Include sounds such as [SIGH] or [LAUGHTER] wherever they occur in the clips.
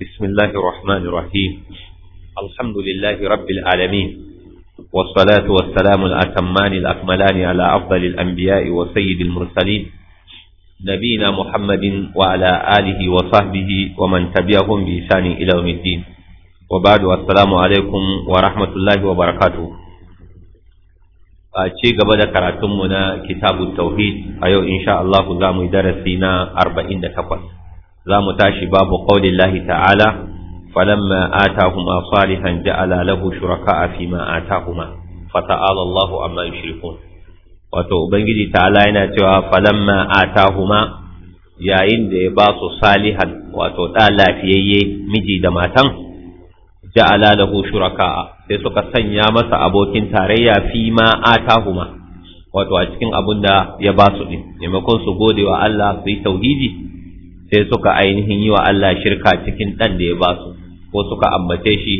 بسم الله الرحمن الرحيم الحمد لله رب العالمين والصلاة والسلام الأتمان الأكملان على أفضل الأنبياء وسيد المرسلين نبينا محمد وعلى آله وصحبه ومن تبعهم بإحسان إلى يوم الدين وبعد السلام عليكم ورحمة الله وبركاته a ci gaba da karatunmu na kitabu tauhid a yau insha Allah za mu darasi na 48 za mu tashi babu lahi ta'ala falamma atahuma salihan ja'ala lahu a fima kuma, fata Allahu amma yushrikun wato ubangiji ta'ala yana cewa a ta kuma yayin da ya ba su salihan wato da lafiyayye miji da matan ja'ala lahu sai suka sanya masa abokin tarayya a fima kuma, wato a cikin abun da ya ba su din maimakon su gode wa Allah su yi tauhidi sai suka ainihin yi wa Allah shirka cikin ɗan da ya ba su ko suka ambace shi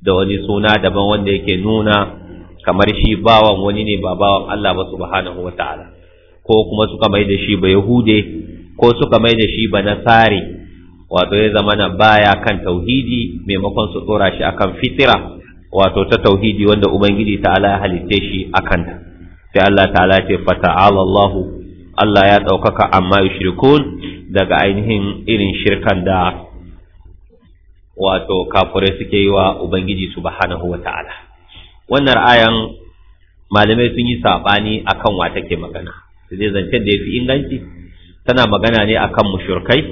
da wani suna daban wanda yake nuna kamar shi bawan wani ne ba bawan Allah ba subhanahu wa ta'ala ko kuma suka mai da shi ba yahude ko suka mai da shi ba nasari wato ya zama na baya kan tauhidi maimakon su tsora shi akan fitira wato ta tauhidi wanda ubangiji ta'ala ya halitte shi akan ta sai Allah ta'ala ce fata'ala Allah Allah ya ɗaukaka amma yushrikun daga ainihin irin shirkan da wato kafurai suke yi wa Ubangiji subhanahu wa ta'ala. Wannan ayan malamai sun yi saɓani a kan wa take magana, su zai zancen da ya fi inganci, tana magana ne a kan mushurkai,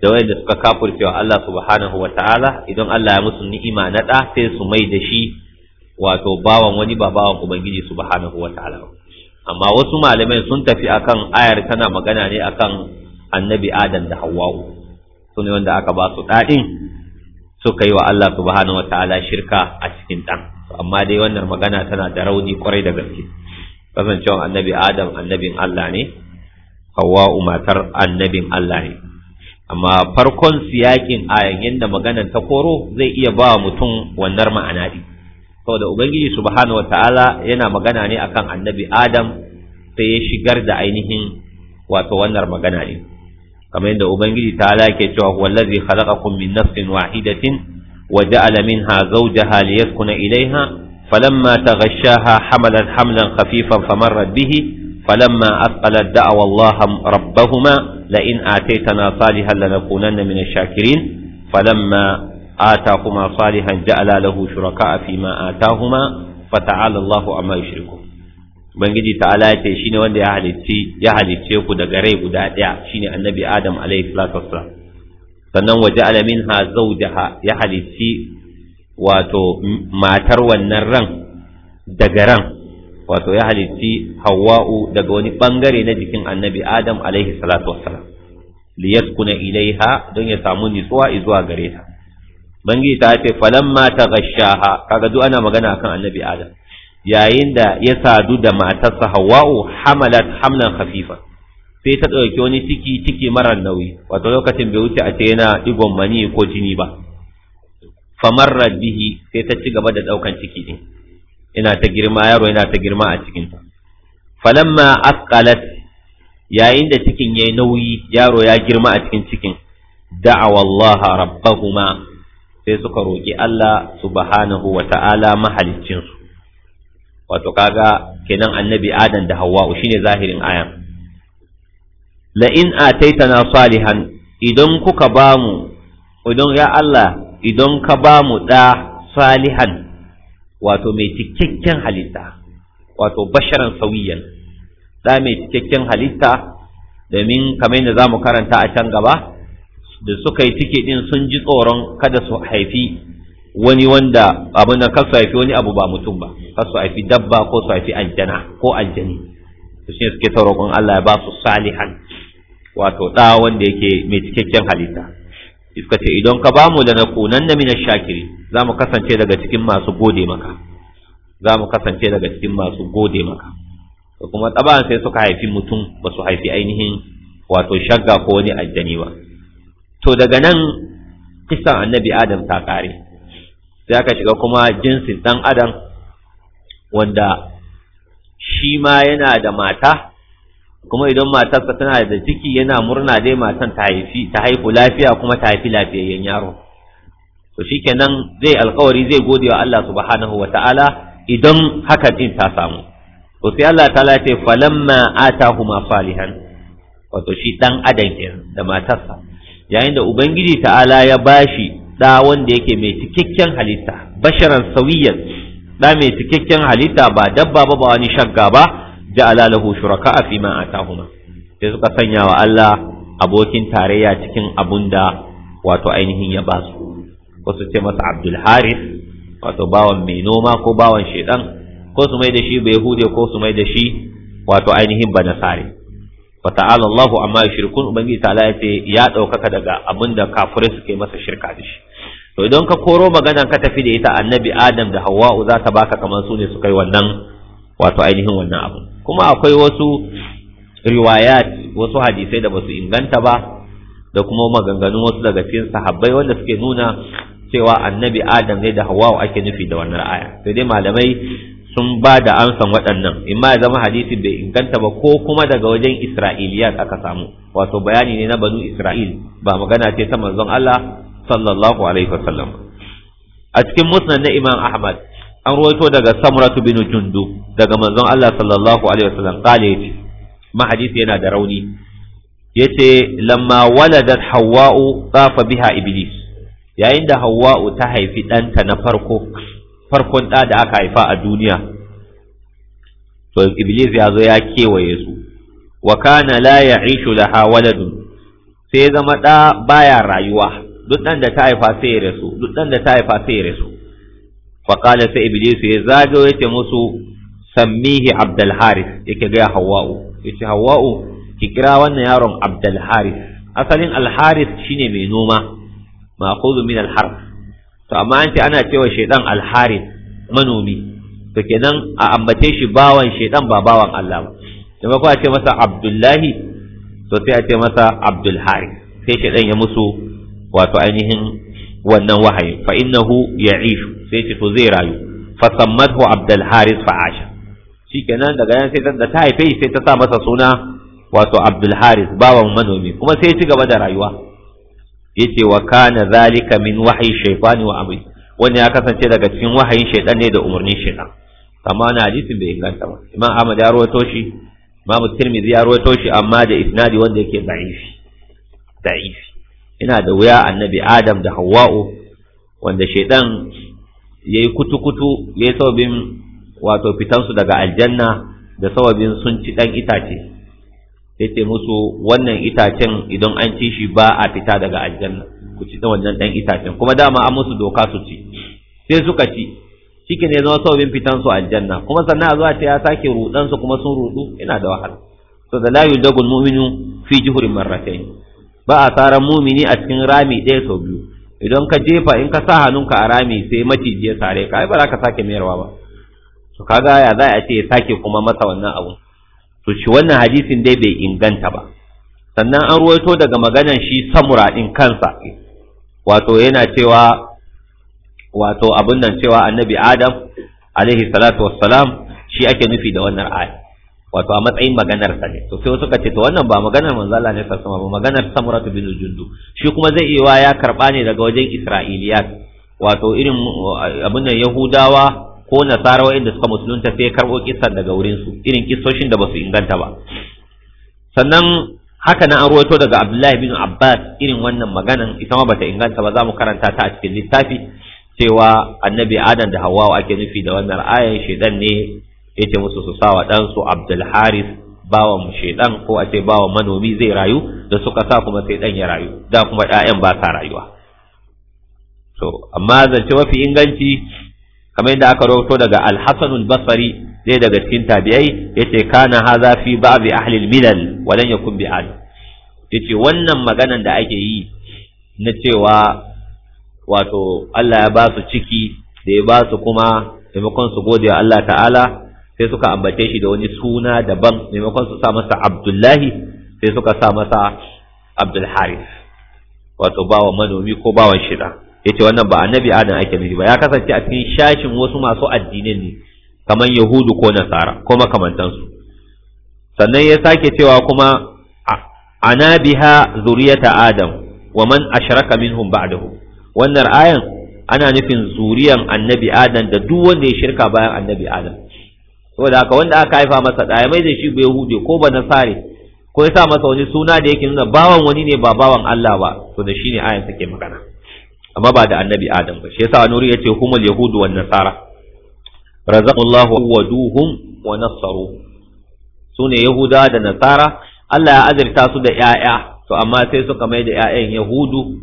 da wanda suka kafurcewa Allah subhanahu wa ta'ala idan Allah ya musu ni'ima na ɗa sai su mai da shi wato bawan wani ba bawan Ubangiji subhanahu wa ta'ala. Amma wasu malamai sun tafi akan ayar tana magana ne akan annabi adam da hawwa'u su ne wanda aka ba su daɗin suka yi wa Allah subhanahu wataala shirka a cikin ɗan amma dai wannan magana tana da rauni kwarai da gaske kasancewa annabi adam annabin Allah ne hawwa'u matar annabin Allah ne amma farkon siyakin ayan yadda maganar ta koro zai iya ba mutum wannan ma'ana ɗi saboda ubangiji subhanahu wataala yana magana ne akan annabi adam sai ya shigar da ainihin wato wannan magana ne kamar yadda ubangiji ta alake cewa huwa allazi khalaqakum min nafsin wahidatin wa ja'ala minha zawjaha liyaskuna ilayha falamma taghashaha hamalan hamlan khafifan famarrat bihi falamma asqalat da'a wallaha rabbahuma la in ataytana salihan lanakunanna min ash-shakirin falamma ataakuma salihan ja'ala lahu shuraka'a fima ataahuma fata'ala allahu amma yushrikun ubangiji ta'ala ya ce shine wanda ya halicci ya halicce ku daga rai guda daya shine annabi adam alaihi salatu wassalam sannan waje alamin ha zawjaha ya halicci wato matar wannan ran daga ran wato ya halicci hawa'u daga wani bangare na jikin annabi adam alaihi salatu wassalam liyaskuna ilaiha don ya samu nitsuwa zuwa gare ta bangi ta ce falamma gashaha kaga duk ana magana akan annabi adam yayin da ya sadu da matarsa hawa'u hamalat hamlan khafifa sai ta ɗauki wani ciki ciki mara nauyi wato lokacin bai wuce a ce yana digon mani ko jini ba famarrat bihi sai ta ci gaba da ɗaukan ciki din ina ta girma yaro ina ta girma a cikin ta falamma asqalat yayin da cikin yayi nauyi yaro ya girma a cikin cikin da'awa Allah rabbahuma sai suka roki Allah subhanahu wa ta'ala mahaliccin su wato kaga kenan annabi adam da hawwa'u shine zahirin ayan la in ataitana salihan idan kuka bamu idan ya Allah idan ka bamu da salihan wato mai cikakken halitta wato basharan sawiyan da mai cikakken halitta domin kamar yadda zamu karanta a can gaba da suka yi cike din sun ji tsoron kada su haifi wani wanda abin da kasu haifi wani abu ba mutum ba kasu haifi dabba ko su haifi aljana ko aljani su shi suke ta roƙon Allah ya ba su salihan wato ɗa wanda yake mai cikakken halitta iska ce idan ka bamu da na kunan na minar shakiri za mu kasance daga cikin masu gode maka za mu kasance daga cikin masu gode maka to kuma tsaban sai suka haifi mutum ba su haifi ainihin wato shagga ko wani aljani ba to daga nan kisan annabi adam ta ƙare sai aka shiga kuma jinsin ɗan adam wanda shi ma yana da mata kuma idan matarsa tana da ciki yana murna dai matan ta haifi ta haifu lafiya kuma ta haifi lafiyayyen yaro to shikenan zai alkawari zai gode wa Allah subhanahu wata'ala idan haka din ta samu to sai Allah ta lafi falamma atahuma salihan wato shi dan adam kenan da matarsa yayin da ubangiji ta'ala ya bashi da wanda yake mai cikakken halitta basharan sawiyan da mai cikakken halitta ba dabba ba ba wani shagga ba ja'ala lahu shuraka fi ma atahuma sai suka sanya wa Allah abokin tarayya cikin abun da wato ainihin ya ba su wasu ce masa Abdul Haris wato bawan mai noma ko bawan shedan ko su mai da shi bai hude ko su mai da shi wato ainihin banasare wa ta'ala Allah amma shirkun ubangiji ta'ala ya ce ya daukaka daga abinda kafirai suke masa shirka da shi to idan ka koro maganan ka tafi da ita annabi Adam da Hawwa'u za ta baka kamar su ne su kai wannan wato ainihin wannan abu kuma akwai wasu riwayat wasu hadisai da basu inganta ba da kuma maganganun wasu daga cikin sahabbai wanda suke nuna cewa annabi Adam ne da Hawwa'u ake nufi da wannan aya sai dai malamai sun ba da amsan waɗannan ma ya zama hadisi bai inganta ba ko kuma daga wajen isra'iliyat aka samu wato bayani ne na banu isra'il ba magana ce ta manzon Allah sallallahu alaihi wasallam a cikin musnad na imam ahmad an ruwaito daga samratu bin jundu daga manzon Allah sallallahu alaihi wasallam kale yace ma hadisi yana da rauni yace lamma waladat hawwa'u tsafa biha iblis yayin da hawwa'u ta haifi ɗanta na farko farkon ɗa da aka haifa a duniya to iblis ya zo ya kewaye su wa kana la ya'ishu laha waladun sai zama ɗa baya rayuwa duk ɗan da ta haifa sai ya rasu duk ɗan da ta haifa sai ya rasu fa qala sai iblis ya zagayo yace musu sammihi abdul haris yake ga hawa'u yace hawa'u ki kira wannan yaron abdul haris asalin al haris shine mai noma ma'khudhu min al harf to amma an ce ana cewa shaidan alharis manomi to kenan a ambace shi bawan shaidan ba bawan Allah ba da mako a ce masa abdullahi to sai a ce masa abdul haris sai shaidan ya musu wato ainihin wannan wahayi fa innahu ya'ishu sai ce to zai rayu fa sammathu abdul haris fa asha shikenan daga 'yan sai da ta haife sai ta sa masa suna wato abdul haris bawan manomi kuma sai ya ci gaba da rayuwa yace wa kana zalika min wahyi shaytani wa abi wani ya kasance daga cikin wahayin shaytan ne da umarnin shaytan amma na hadisin bai inganta ba imam ahmad ya rawaito shi imam tirmidhi ya rawaito shi amma da isnadi wanda yake da'ifi da'ifi ina da wuya annabi adam da hawwa'u wanda shaytan yayi kutukutu kutu yayi sababin wato fitansu daga aljanna da sababin sun ci dan itace ce musu wannan itacen idan an ci shi ba a fita daga aljanna ku ci wannan dan itacen kuma dama an musu doka su ci sai suka ci shike ne zama sabbin fitan su aljanna kuma sannan a zuwa ce ya sake rudan su kuma sun rudu ina da wahala so da la yudagul mu'minu fi juhurin marratain ba a tsara mumini a cikin rami ɗaya sau biyu idan ka jefa in ka sa hannunka a rami sai maciji ya sare ka ai ba za ka sake mayarwa ba to kaga ya za a ce ya sake kuma masa wannan abun? to shi wannan hadisin dai bai inganta ba sannan an ruwaito daga maganan shi samura din kansa wato yana cewa wato abin nan cewa annabi adam alaihi salatu wassalam shi ake nufi da wannan aya wato a matsayin maganar sa ne to sai wasu ka ce to wannan ba maganar manzo Allah ne sallallahu alaihi ba maganar samura bin jundu shi kuma zai iya ya karba ne daga wajen isra'iliyat wato irin abin nan yahudawa ko nasara wa'inda suka musulunta sai karɓo kisan daga su irin kisoshin da ba su inganta ba sannan haka na an ruwaito daga abdullahi bin abbas irin wannan maganan ita ma bata inganta ba za mu karanta ta a cikin littafi cewa annabi adam da hawawa ake nufi da wannan ayan shaidan ne ya ce musu su sa wa ɗansu abdul haris bawan shaidan ko a ce bawan manomi zai rayu da suka sa kuma sai dan ya rayu da kuma 'ya'yan ba sa rayuwa to amma zance mafi inganci kamar yadda aka rawaito daga al-Hasan al-Basri dai daga cikin tabi'ai yace kana hadha fi ba'd ahli al-milal wa lan yakun bi ahli yace wannan maganan da ake yi na cewa wato Allah ya ba su ciki da ya ba su kuma maimakon su gode wa Allah ta'ala sai suka ambace shi da wani suna daban maimakon su sa masa Abdullahi sai suka sa masa Abdul Harith wato bawa manomi ko bawan shida yace wannan ba annabi adam ake nufi ba ya kasance a cikin shashin wasu masu addinin ne kamar yahudu ko nasara ko makamantansu sannan ya sake cewa kuma ana biha zuriyata adam wa man ashraka minhum ba'dahu wannan ayan ana nufin zuriyan annabi adam da duk wanda ya shirka bayan annabi adam saboda haka wanda aka haifa masa da mai da shi bai hude ko ba nasare ko ya sa masa wani suna da yake nuna bawan wani ne ba bawan Allah ba to da shine ayan take magana amma ba da annabi adam ba shi yasa nuri yace humul yahudu wan nasara razaqallahu waduhum wa nasaru. sune yahuda da nasara Allah ya azurta su da 'ya'ya, to amma sai suka mai da 'ya'yan yahudu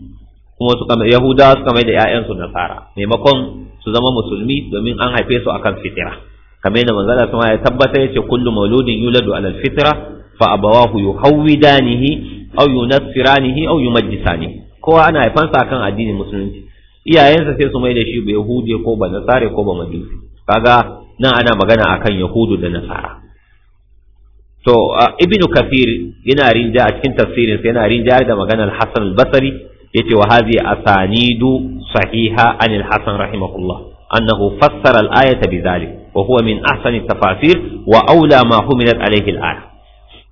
kuma suka mai yahuda suka mai da yayan su nasara maimakon su zama musulmi domin an haife su akan fitira kamar da manzo sama ya tabbata yace kullu mauludin yuladu alal fitra fa abawahu yuhawidanihi aw yunassiranihi aw yumajjisanihi kowa ana haifansa akan addinin musulunci iyayensa sai su mai da shi ba yahudiya ko ba nasare ko ba majusi kaga nan ana magana akan yahudu da nasara to ibnu kafir yana rinja a cikin tafsirin sa yana rinja da maganar hasan al-basri yace wa hadhihi asanidu sahiha an al-hasan rahimahullah annahu fassara al-ayata bidhalik wa huwa min ahsani tafasir wa aula ma humilat alayhi al-ayah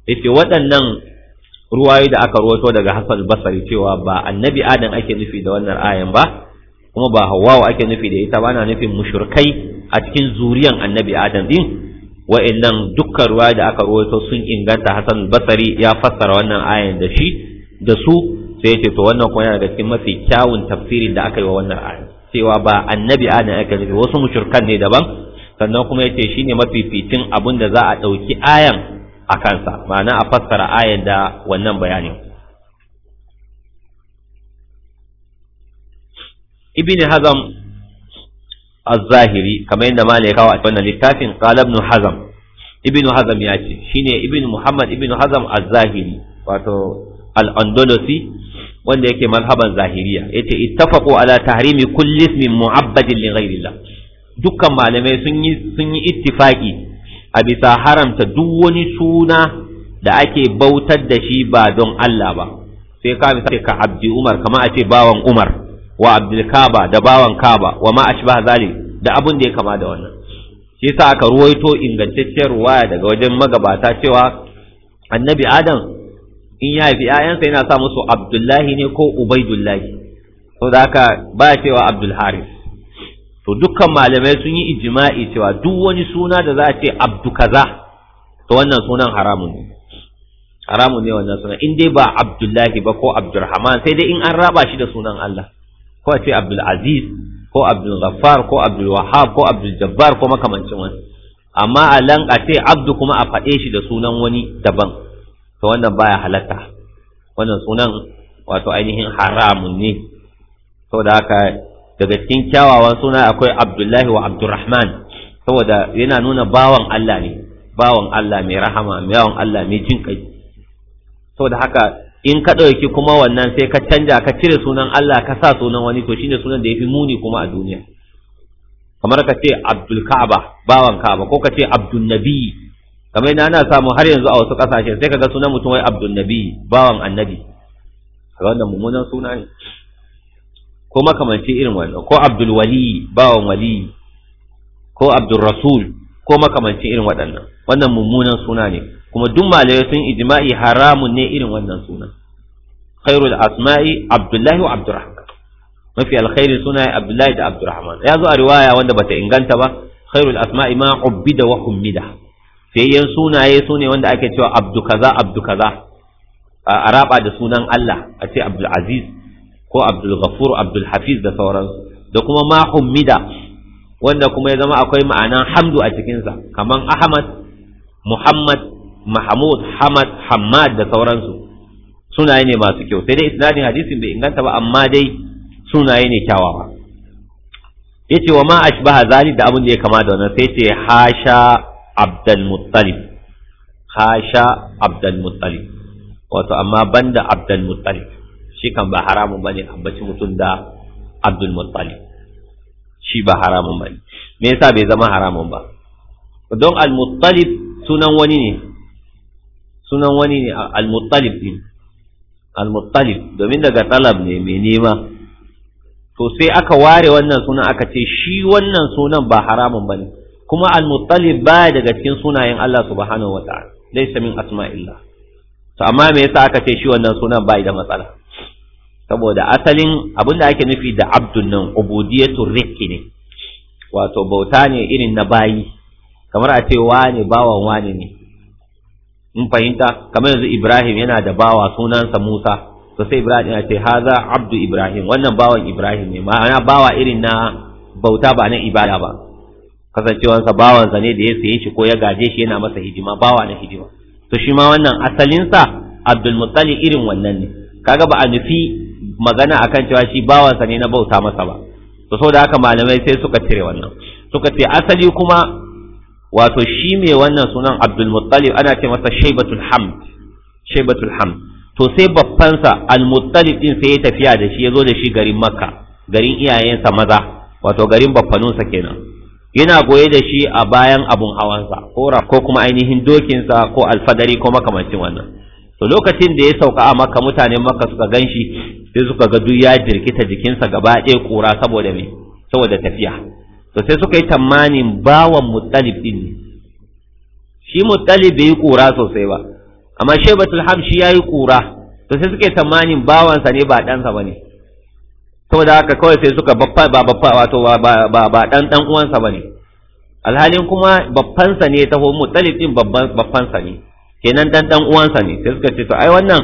yace waɗannan ruwaye da aka ruwato daga Hassan Basari cewa ba annabi Adam ake nufi da wannan ayan ba kuma ba Hawwa ake nufi da ita ba na nufin mushrikai a cikin zuriyan annabi Adam din wa'annan dukkan ruwaye da aka ruwato sun inganta hasan Basari ya fassara wannan ayan da shi da su sai ce to wannan kuma yana daga cikin mafi kyawun tafsirin da aka yi wa wannan ayan cewa ba annabi Adam ake nufi wasu mushrikan ne daban sannan kuma yace shine mafificin abin da za a ɗauki ayan a kansa ma'ana a fassara ayar da wannan bayanin ibn hazam az-zahiri kamar yadda malai kawo a wannan littafin qala ibn hazam ibn hazam ya ce shine ibn muhammad ibn hazam az-zahiri wato al-andalusi wanda yake mazhaban zahiriya yace ittafaqu ala tahrimi kulli ismin mu'abbadin li ghairillah dukkan malamai sun yi sun yi ittifaqi a bisa haramta duk wani suna da ake bautar da shi ba don Allah ba sai ka misali ka abdi umar kama a ce bawan umar wa abdul kaba da bawan kaba wa ma ashba zali da abun da ya kama da wannan shi yasa aka ruwaito ingantacciyar ruwaya daga wajen magabata cewa annabi adam in ya haifi ‘ya'yansa yana sa musu abdullahi ne ko ubaidullahi saboda haka ba cewa abdul haris to dukkan malamai sun yi ijma'i cewa duk wani suna da za a ce abdu kaza to wannan sunan haramun ne haramun ne wannan sunan in dai ba abdullahi ba ko abdurrahman sai dai in an raba shi da sunan Allah ko a ce abdul aziz ko abdul ghaffar ko abdul wahab ko abdul jabbar ko makamancin wani amma a lan a ce abdu kuma a faɗe shi da sunan wani daban to wannan baya halatta wannan sunan wato ainihin haramun ne saboda haka daga cikin kyawawan suna akwai abdullahi wa abdurrahman saboda yana nuna bawan Allah ne bawan Allah mai rahama bawan Allah mai jin kai saboda haka in ka ɗauki kuma wannan sai ka canja ka cire sunan Allah ka sa sunan wani to shine sunan da yafi muni kuma a duniya kamar ka ce abdul ka'aba bawan ka'aba ko ka ce abdul nabi kamar na ana samu har yanzu a wasu kasashe sai ka ga sunan mutum wai abdul nabi bawan annabi ga wannan mummunan suna ne ko makamanci irin wannan ko abdul wali bawan wali ko abdul rasul ko makamanci irin waɗannan wannan mummunan suna ne kuma duk malamai sun ijma'i haramun ne irin wannan suna khairul asma'i abdullahi wa abdurrahman mafi alkhairi suna abdullahi da abdurrahman ya zo a riwaya wanda bata inganta ba khairul asma'i ma ubbida wa hummida fiyayyen sunaye ne wanda ake cewa abdu kaza abdu kaza a raba da sunan Allah a ce abdul aziz ko abdul ghafur abdul hafiz da sauransu da kuma ma wanda kuma ya zama akwai ma'anan hamdu a cikinsa kaman ahmad muhammad mahmud hamad hammad da sauransu sunaye ne masu kyau sai dai isnadin hadisin bai inganta ba amma dai sunaye ne kyawawa yace wa ma ashbaha zalik da abin da ya kama da wannan sai ce hasha abdul muttalib hasha abdul muttalib wato amma banda abdul muttalib shi kan ba haramun bane ambaci mutum da Abdul Muttalib shi ba haramun bane me yasa bai zama haramun ba don Al Muttalib sunan wani ne sunan wani ne Al Muttalib din Al Muttalib domin daga talab ne mai nema to sai aka ware wannan sunan aka ce shi wannan sunan ba haramun bane kuma Al Muttalib baya daga cikin sunayen Allah subhanahu wataala laysa min asma'illah to amma me yasa aka ce shi wannan sunan bai da matsala saboda asalin abin da ake nufi da abdun nan ubudiyatu rikki ne wato bauta ne irin na bayi kamar a ce wani bawan wani ne in fahimta kamar yanzu Ibrahim yana da bawa sunansa Musa to sai Ibrahim ya ce haza abdu Ibrahim wannan bawan Ibrahim ne ma'ana bawa irin na bauta ba na ibada ba kasancewansa bawansa ne da ya saye shi ko ya gaje shi yana masa hidima. bawa na hidima. to shi ma wannan asalinsa Abdul irin wannan ne kaga ba a nufi magana akan cewa shi bawansa ne na bauta masa ba to da haka malamai sai suka cire wannan suka ce asali kuma wato shi mai wannan sunan Abdul Muttalib ana ce masa Shaybatul Hamd Shaybatul Hamd to sai sa Al Muttalib din sai ya tafiya da shi yazo da shi garin Makka garin iyayensa maza wato garin babbanunsa kenan yana goye da shi a bayan abun hawansa ko ko kuma ainihin dokinsa ko alfadari ko makamancin wannan to lokacin da ya sauka a maka mutanen maka suka gan shi sai suka ga duk ya jirkita jikinsa gaba ɗaya kura saboda me saboda tafiya to sai suka yi tamanin bawan mutalib din ne shi mutalib bai yi kura sosai ba amma shaibatul ham shi ya yi kura to sai suka yi tamanin bawansa ne ba ɗansa ba ne saboda haka kawai sai suka baffa ba baffa wato ba ba ɗan ɗan uwansa ba ne alhalin kuma babbansa ne taho mutalib din babbansa ne kenan dan dan uwansa ne sai suka ce to ai wannan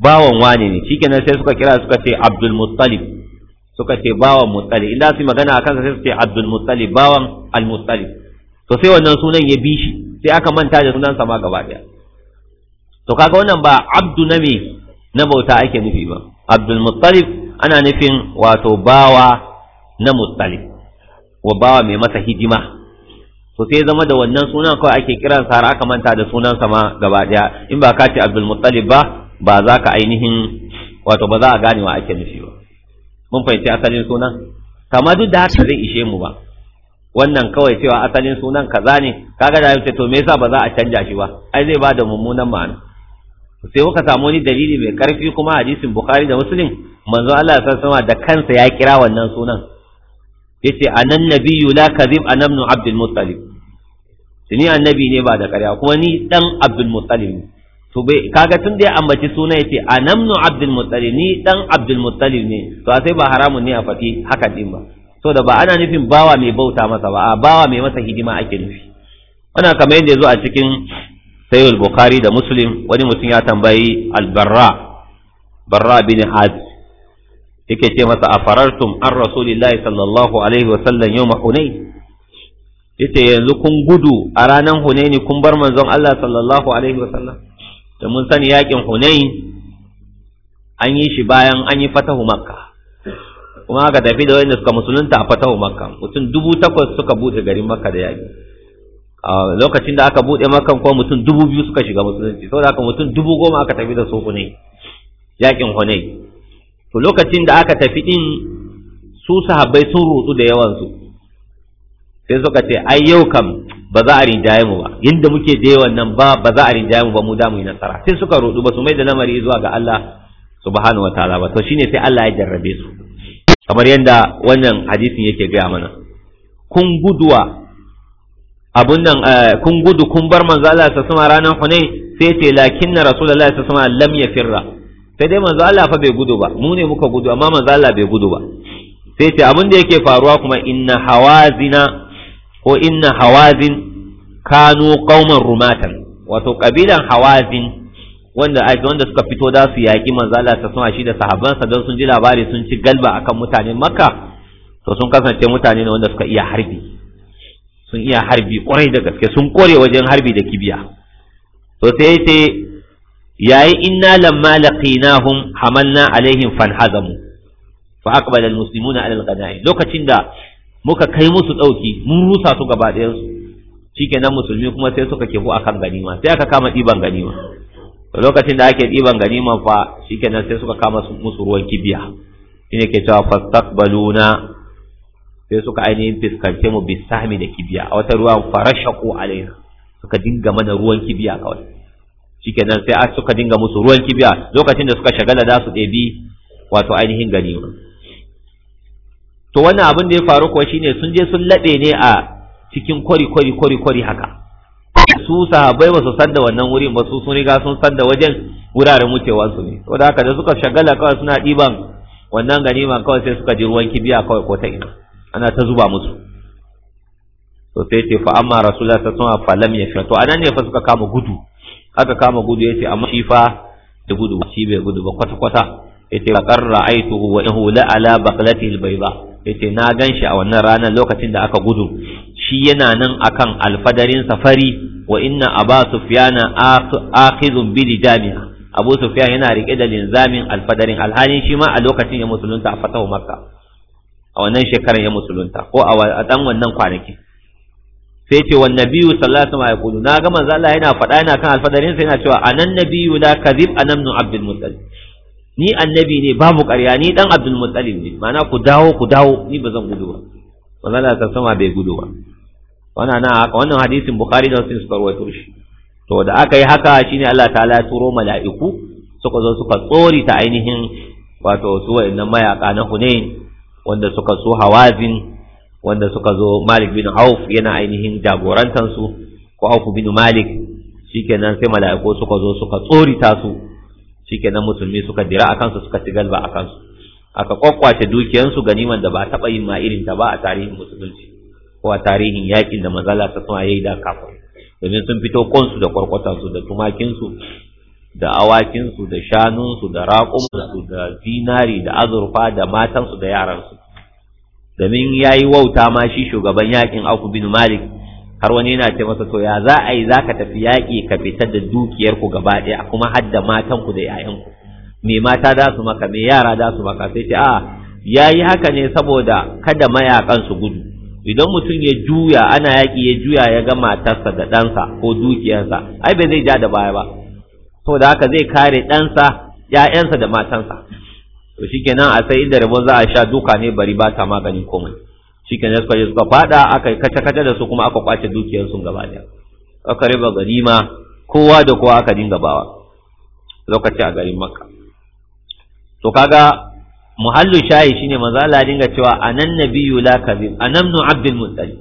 bawan wane ne shikenan sai suka kira suka ce Abdul Muttalib suka ce bawan Muttalib illa su magana akan kansa sai suka ce Abdul Muttalib bawan Al Muttalib to sai wannan sunan ya bi shi sai aka manta da sunan sa ma gaba daya to kaga wannan ba Abdu na na bauta ake nufi ba Abdul Muttalib ana nufin wato bawa na Muttalib wa bawa mai masa hidima to sai zama da wannan sunan kawai ake kiran sa har aka manta da sunan sa ma gaba daya in ba ka ce Abdul Muttalib ba ba za ka ainihin wato ba za a gane wa ake nufi ba mun fahimci asalin sunan kama duk da haka zai ishe mu ba wannan kawai cewa asalin sunan kaza ne kaga da yace to me yasa ba za a canja shi ba ai zai bada mummunan ma'ana sai muka samu wani dalili mai karfi kuma hadisin bukhari da muslim manzo Allah ya san sama da kansa ya kira wannan sunan yace anan nabiyyu la kadhib ana ibn abdul muttalib tuni annabi ne ba da ƙarya kuma ni dan abdul muttalib ne to bai kaga tun da ya ambaci suna yace anamnu abdul muttalib ni dan abdul muttalib ne to sai ba haramun ne a faɗi haka din ba so da ba ana nufin bawa mai bauta masa ba a bawa mai masa hidima ake nufi ana kamar yadda zo a cikin sayyid bukhari da muslim wani mutum ya tambayi al barra bin az yake ce masa a farartum an rasulillahi sallallahu alaihi wa sallam yau mahunai yace yanzu kun gudu a ranar hunaini kun bar manzon Allah sallallahu alaihi wa sallam da mun sani yakin hunai an yi shi bayan an yi fatahu makka kuma aka tafi da wanda suka musulunta a fatahu makka mutum dubu takwas suka bude garin makka da yaki a lokacin da aka bude makka kuma mutum dubu biyu suka shiga musulunci saboda haka mutum dubu goma aka tafi da su hunai, yakin hunai to lokacin da aka tafi din su sahabbai sun rutsu da yawansu sai suka ce ai yau kam ba za a rinjaye mu ba yadda muke da yawan nan ba ba za a rinjaye mu ba mu da mu yi nasara sai suka rudu ba su mai da lamari zuwa ga Allah subhanahu wataala ba to shine sai Allah ya jarrabe su kamar yadda wannan hadisin yake gaya mana kun guduwa abun nan eh, kun gudu kun bar manzo Allah ta sama ranan Hunain sai ce lakinna rasulullahi sallallahu alaihi wasallam lam yafirra sai dai manzo Allah fa bai gudu ba mu ne muka gudu amma manzo Allah bai gudu ba sai ce abin da yake faruwa kuma inna hawazina ko inna hawazin kanu qauman rumatan wato kabilan hawazin wanda wanda suka fito da su yaki manzo Allah ta suna shi da sahabbansa don sun ji labari sun ci galba akan mutanen Makka to sun kasance mutane ne wanda suka iya harbi sun iya harbi kwarai da gaske sun kore wajen harbi da kibiya to sai sai yayi inna lamma laqinahum hamalna alaihim fanhazamu fa aqbala almuslimuna ala alghanaim lokacin da muka kai musu dauki mun rusa su gaba ɗayan su shikenan musulmi kuma sai suka kefu akan ganima sai aka kama diban ganima lokacin da ake diban ganima fa shikenan sai suka kama musu ruwan kibiya shine ke cewa fastaqbaluna sai suka ainihin fiskance mu bisahmi da kibiya a wata ruwan farashaku alaina suka dinga mana ruwan kibiya kawai shikenan sai a suka dinga musu ruwan kibiya lokacin da suka shagala da su ɗebi wato ainihin gani to wannan abin da ya faru kuwa shine sun je sun laɓe ne a cikin kwari kwari kwari kwari haka su sahabbai ba su san da wannan wurin ba su sun riga sun san da wajen wuraren mutewa su ne saboda haka da suka shagala kawai suna ɗiban wannan ganima kawai sai suka ji ruwan kibiya kawai ko ta ina ana ta zuba musu to sai ce fa amma rasulullah sallallahu alaihi wasallam fa lam to anan ne fa suka kama gudu aka kama gudu yace amma shi fa da gudu shi bai gudu ba kwata kwata yace wa qarra aituhu wa innahu la ala baqlatihi albayda yace na ganshi a wannan ranar lokacin da aka gudu shi yana nan akan alfadarin safari wa inna aba sufyana akhidhun bi jami'a abu sufyan yana rike da linzamin alfadarin alhalin shi ma a lokacin ya musulunta a fatahu makka a wannan shekarar ya musulunta ko a dan wannan kwanaki sai ce wa nabiyu sallallahu alaihi wasallam na ga manzo Allah yana faɗa yana kan alfadarin sa yana cewa anan nabiyu la kadhib anan nu abdul muttalib ni annabi ne babu ƙarya ni dan abdul muttalib ne ma'ana ku dawo ku dawo ni ba zan gudu ba manzo Allah sallallahu alaihi bai gudu ba wannan na haka wannan hadisin bukhari da muslim suka rawaito shi to da aka yi haka shine Allah ta'ala ya turo mala'iku suka zo suka tsori ta ainihin wato su wa'annan mayaka na Hunain wanda suka so Hawazin wanda suka zo Malik bin Auf yana ainihin jagorantar su ko Auf bin Malik shikenan sai mala'iku suka zo suka tsorita su shikenan musulmi suka dira akan su suka ci galba akan su aka kwakwace dukiyansu ganiman da ba taɓa yin ma irin ta ba a tarihin musulunci ko a tarihin yakin da mazalla ta suna yayi da kafir domin sun fito konsu da kwarkwatansu da tumakinsu da awakinsu da shanunsu da raƙumansu da zinari da azurfa da matansu da yaransu domin ya yi wauta ma shi shugaban yakin aku bin malik har wani yana ce masa to ya za a yi za ka tafi yaƙi ka fitar da dukiyarku gaba ɗaya kuma har da matanku da 'ya'yanku me mata za su maka me yara za su maka sai ce a ya yi haka ne saboda kada mayakan su gudu idan mutum ya juya ana yaƙi ya juya ya ga matarsa da ɗansa ko dukiyarsa ai bai zai ja da baya ba saboda haka zai kare ɗansa ‘ya'yansa da matansa to shikenan a sai inda rabon za a sha duka ne bari ba ta maganin komai shikenan suka je suka fada aka yi kace kace da su kuma aka kwace dukiyar sun gaba daya aka riba ma kowa da kowa aka dinga bawa lokaci a garin makka to kaga muhallu shayi shine manzo Allah ya dinga cewa anan nabiyyu la kadhib anan nu abdul muttalib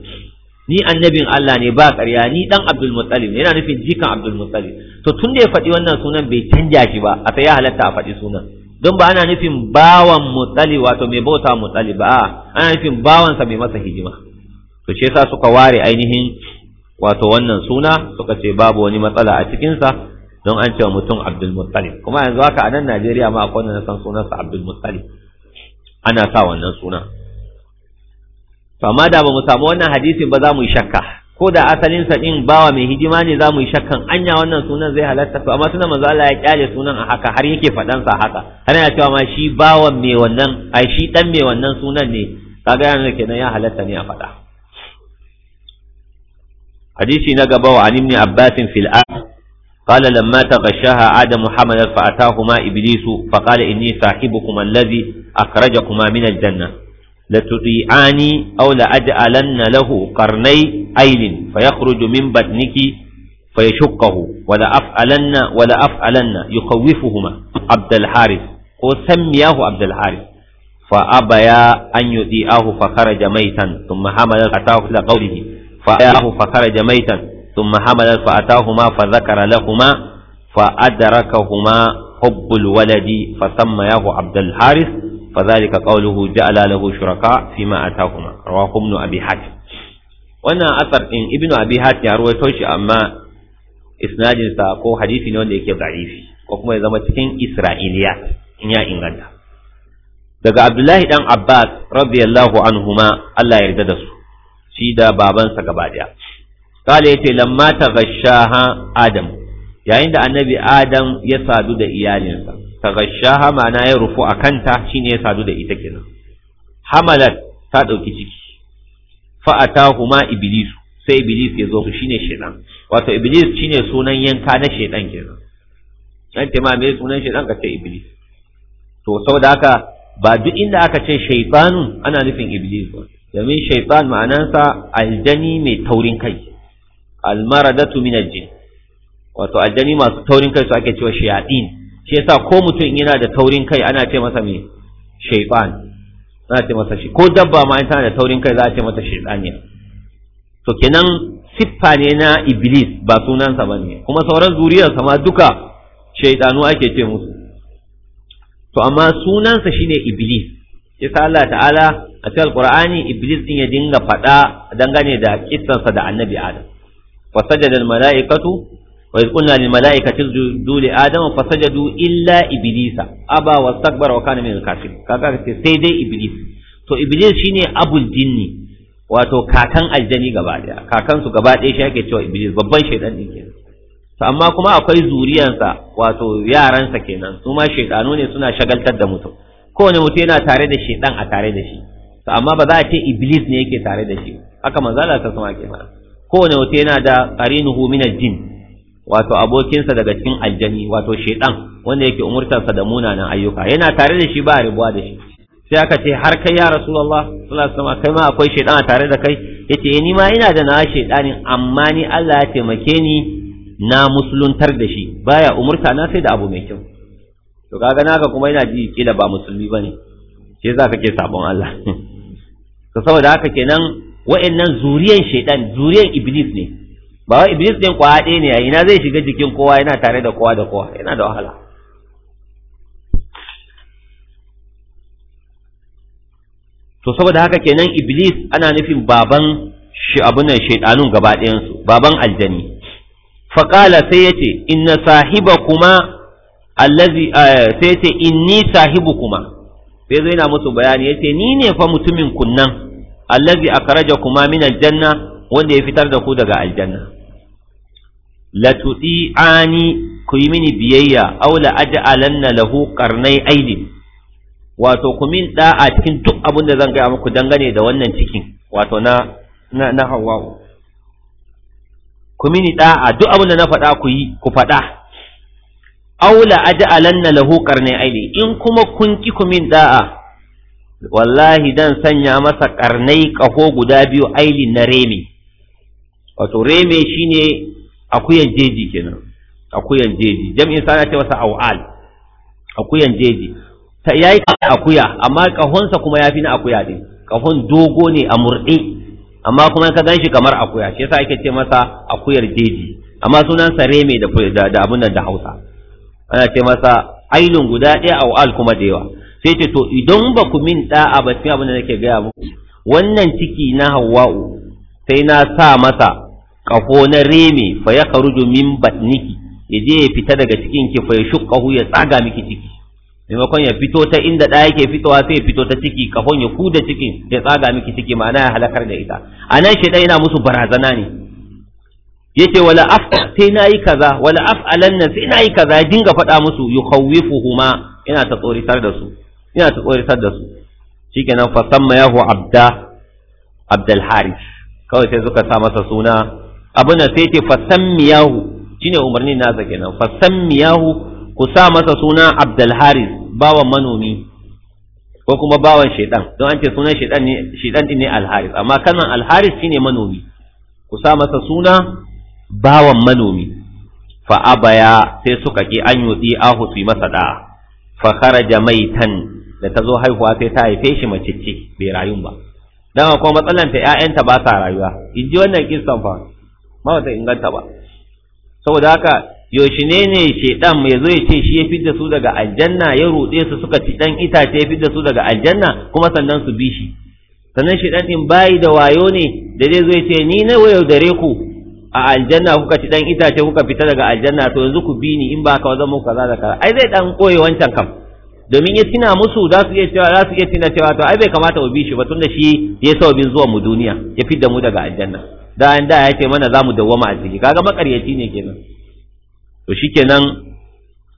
ni annabin Allah ne ba ƙarya ni dan abdul muttalib yana nufin jikan abdul muttalib to tun da ya faɗi wannan sunan bai canja shi ba a sai ya halatta a faɗi sunan don ba ana nufin bawan mutsali wato mai bauta mutsali ba ana nufin bawansa mai masa hijima. to shi yasa suka ware ainihin wato wannan suna suka ce babu wani matsala a cikinsa don an cewa mutum abdul muttalib kuma yanzu haka a nan najeriya ma akwai wanda san sunansa abdul muttalib ana sa wannan suna to amma da ba mu samu wannan hadisin ba za mu yi shakka ko da asalin sa din bawa mai hidima ne zamu yi shakkan anya wannan sunan zai halatta to amma sunan manzo Allah ya kyale sunan a haka har yake fadan sa haka har yana cewa ma shi bawan mai wannan ai shi dan mai wannan sunan ne kaga yana kenan ya halatta ne a fada حديث نقبه عن ابن عباس في الآن قال لما تغشاها عاد محمدا فأتاهما إبليس فقال إني صاحبكما الذي أخرجكما من الجنة لتطيعاني أو لأجعلن له قرني أيل فيخرج من بطنك فيشقه ولأفعلن ولأفعلن يخوفهما عبد الحارث وسمياه عبد الحارث فأبيا أن يطيعه فخرج ميتا ثم حمل فأتاه إلى قوله فأبياه فخرج ميتا ثم حمل فأتاهما فذكر لهما فأدركهما حب الولد فسمياه عبد الحارث فذلك قوله جعل له شركاء فيما اتاهما رواه ابن ابي حاتم wannan asar din ibn abi hatim ya ruwaito shi amma isnadin sa ko hadisi ne wanda yake da'ifi ko kuma ya zama cikin isra'iliya in ya inganta daga abdullahi dan abbas radiyallahu anhuma Allah ya yarda da su shi da baban sa gaba daya kale yace lamma ta adam yayin da annabi adam ya sadu da iyalinsa tagashaha ma'ana ya rufu a kanta shine ya sadu da ita kenan hamalat ta ɗauki ciki fa'atahuma iblis sai iblis ya zo su shine shedan wato iblis shine sunan yanka na shedan kenan an ce ma me sunan shedan ka ce iblis to saboda haka ba duk inda aka ce shaytanun ana nufin iblis ba domin shaytan ma'anansa aljani mai taurin kai almaradatu min aljin wato aljani masu taurin kai su ake cewa shayatin shi yasa ko mutum yana da taurin kai ana ce masa me shaytan ana ce masa shi ko dabba ma in tana da taurin kai za a ce mata shaytaniya to kenan siffa ne na iblis ba sunansa ba ne, kuma sauran zuriyarsa ma duka shaiɗanu ake ce musu to amma sunansa shine iblis yasa Allah ta'ala a cikin alqur'ani iblis din ya dinga faɗa dangane da kissansa da annabi adam wasajjada mala'ikatu. wa iz qulna lil malaikati isjudu li adama fasajadu illa iblisa aba wastakbara wa kana min al-kafirin kaga ce sai dai iblis to iblis shine abul jinni wato kakan aljani gaba daya kakan su gaba daya shi ake cewa iblis babban shaytan din kenan to amma kuma akwai zuriyansa wato yaransa kenan su ma shaytanu ne suna shagaltar da mutum Ko wani mutum yana tare da shaytan a tare da shi to amma ba za a ce iblis ne yake tare da shi haka manzala ta sama ke fara wani mutum yana da qarinuhu min al-jinn wato abokinsa daga cikin aljani wato shedan wanda yake umurtarsa da munanan ayyuka yana tare da shi ba ribuwa da shi sai aka ce har kai ya rasulullah sallallahu alaihi wasallam kai ma akwai shedan tare da kai yace eh, ni ma ina da na shedanin amma ni Allah ya taimake ni na musuluntar da shi baya umurta na sai da abu mai kyau to kaga naka kuma yana ji kila ba musulmi bane za ka ke sabon Allah [LAUGHS] saboda haka kenan wa'annan zuriyan shedan zuriyan iblis ne ba wai iblis din kwa ɗaya ne a ina zai shiga jikin kowa yana tare da kowa da kowa yana da wahala to saboda haka kenan iblis ana nufin baban shi abunan shaidanun gaba ɗayansu baban aljani faƙala sai yace inna sahiba kuma allazi eh, sai yace inni sahibu kuma sai zo yana musu bayani yace ni ne fa mutumin kunnan allazi akraja kuma min aljanna wanda ya fitar da ku daga aljanna la ani ku yi mini biyayya aw la aj'alanna lahu qarnai aidin wato ku min da'a cikin duk abin da zan gaya muku dangane da wannan cikin wato na na na hawwa ku mini da'a duk abin da na faɗa ku yi ku faɗa aula aj'alanna lahu qarnai aidin in kuma kun ki ku min da'a wallahi dan sanya masa karnai kaho guda biyu aili na remi wato reme shine akuyan jeji kenan akuyan jeji jam'in sana ce masa awal akuyan jeji ta yayi akuya amma kahonsa kuma yafi na akuya din kahon dogo ne a murdi amma kuma ka ganshi kamar akuya shi yasa ake ce masa akuyar jeji amma sunan sa reme da da abun nan da Hausa ana ce masa ailun guda ɗaya awal kuma da yawa sai ce to idan ba ku min da ba abin da nake gaya muku wannan ciki na Hawwa'u sai na sa masa ƙaho na reme fa ya kharuju min batniki ya je ya fita daga cikin ki fa yashqahu ya tsaga miki ciki maimakon ya fito ta inda ɗaya yake fitowa sai ya fito ta ciki kafon ya kuda cikin ya tsaga miki ciki ma'ana ya halakar da ita a nan shi yana musu barazana ne yace wala af sai nayi kaza wala af'alan sai nayi kaza ya dinga faɗa musu yukhawifuhuma ina ta tsoritar da su ina ta tsoritar da su shikenan fa samma yahu abda abdul harith kawai sai suka sa masa suna abin da sai ce fasammiyahu ne umarnin nasa kenan fasammiyahu ku sa masa suna abdulharis bawan manomi ko kuma bawan shaidan don an ce sunan shaidan ne Alharis? amma kanan alharis shi ne manomi ku sa masa suna bawan manomi fa abaya sai suka ki an yudi ahu su masa da fa kharaja maitan da ta zo haihuwa sai ta haife shi mace ce bai rayu ba akwai matsalar ta 'ya'yanta ba sa rayuwa in ji wannan kissan fa ba wata inganta ba saboda haka yaushe ne ne shedan mai zo ya ce shi ya fidda su daga aljanna ya ruɗe su suka ci dan itace ya fidda su daga aljanna kuma sannan su bi shi sannan shedan din bayi da wayo ne da zai zo ya ce ni na wayo dare ku a aljanna kuka ci dan itace kuka fita daga aljanna to yanzu ku bi ni in ba ka zama kaza da kaza ai zai dan koye wancan kam domin ya tina musu za su iya cewa za su iya tina cewa to ai bai kamata mu bi shi ba tunda shi ya sa bin zuwa mu duniya ya fidda mu daga aljanna da an da ya ce mana za mu dawwama a ciki kaga makaryaci ne kenan to shikenan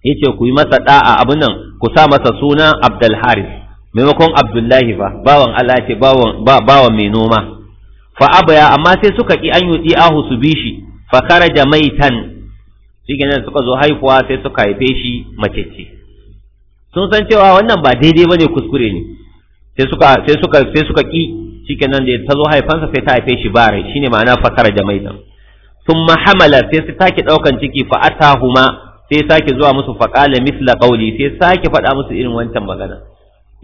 yace ku yi masa da'a abin nan ku sa masa suna Abdul Haris maimakon Abdullahi fa bawan Allah ce bawan bawan mai noma fa abaya amma sai suka ki an yudi ahu su bi shi fa kharaja maitan shikenan suka zo haifuwa sai suka haife shi macece sun san cewa wannan ba daidai bane kuskure ne sai suka sai suka sai suka ki nan da ta zo haifansa sai ta haife shi bare shine ma'ana fakara da maitan thumma hamala sai ta sake daukan ciki fa atahuma sai sake zuwa musu faqala misla qawli sai sake faɗa musu irin wancan magana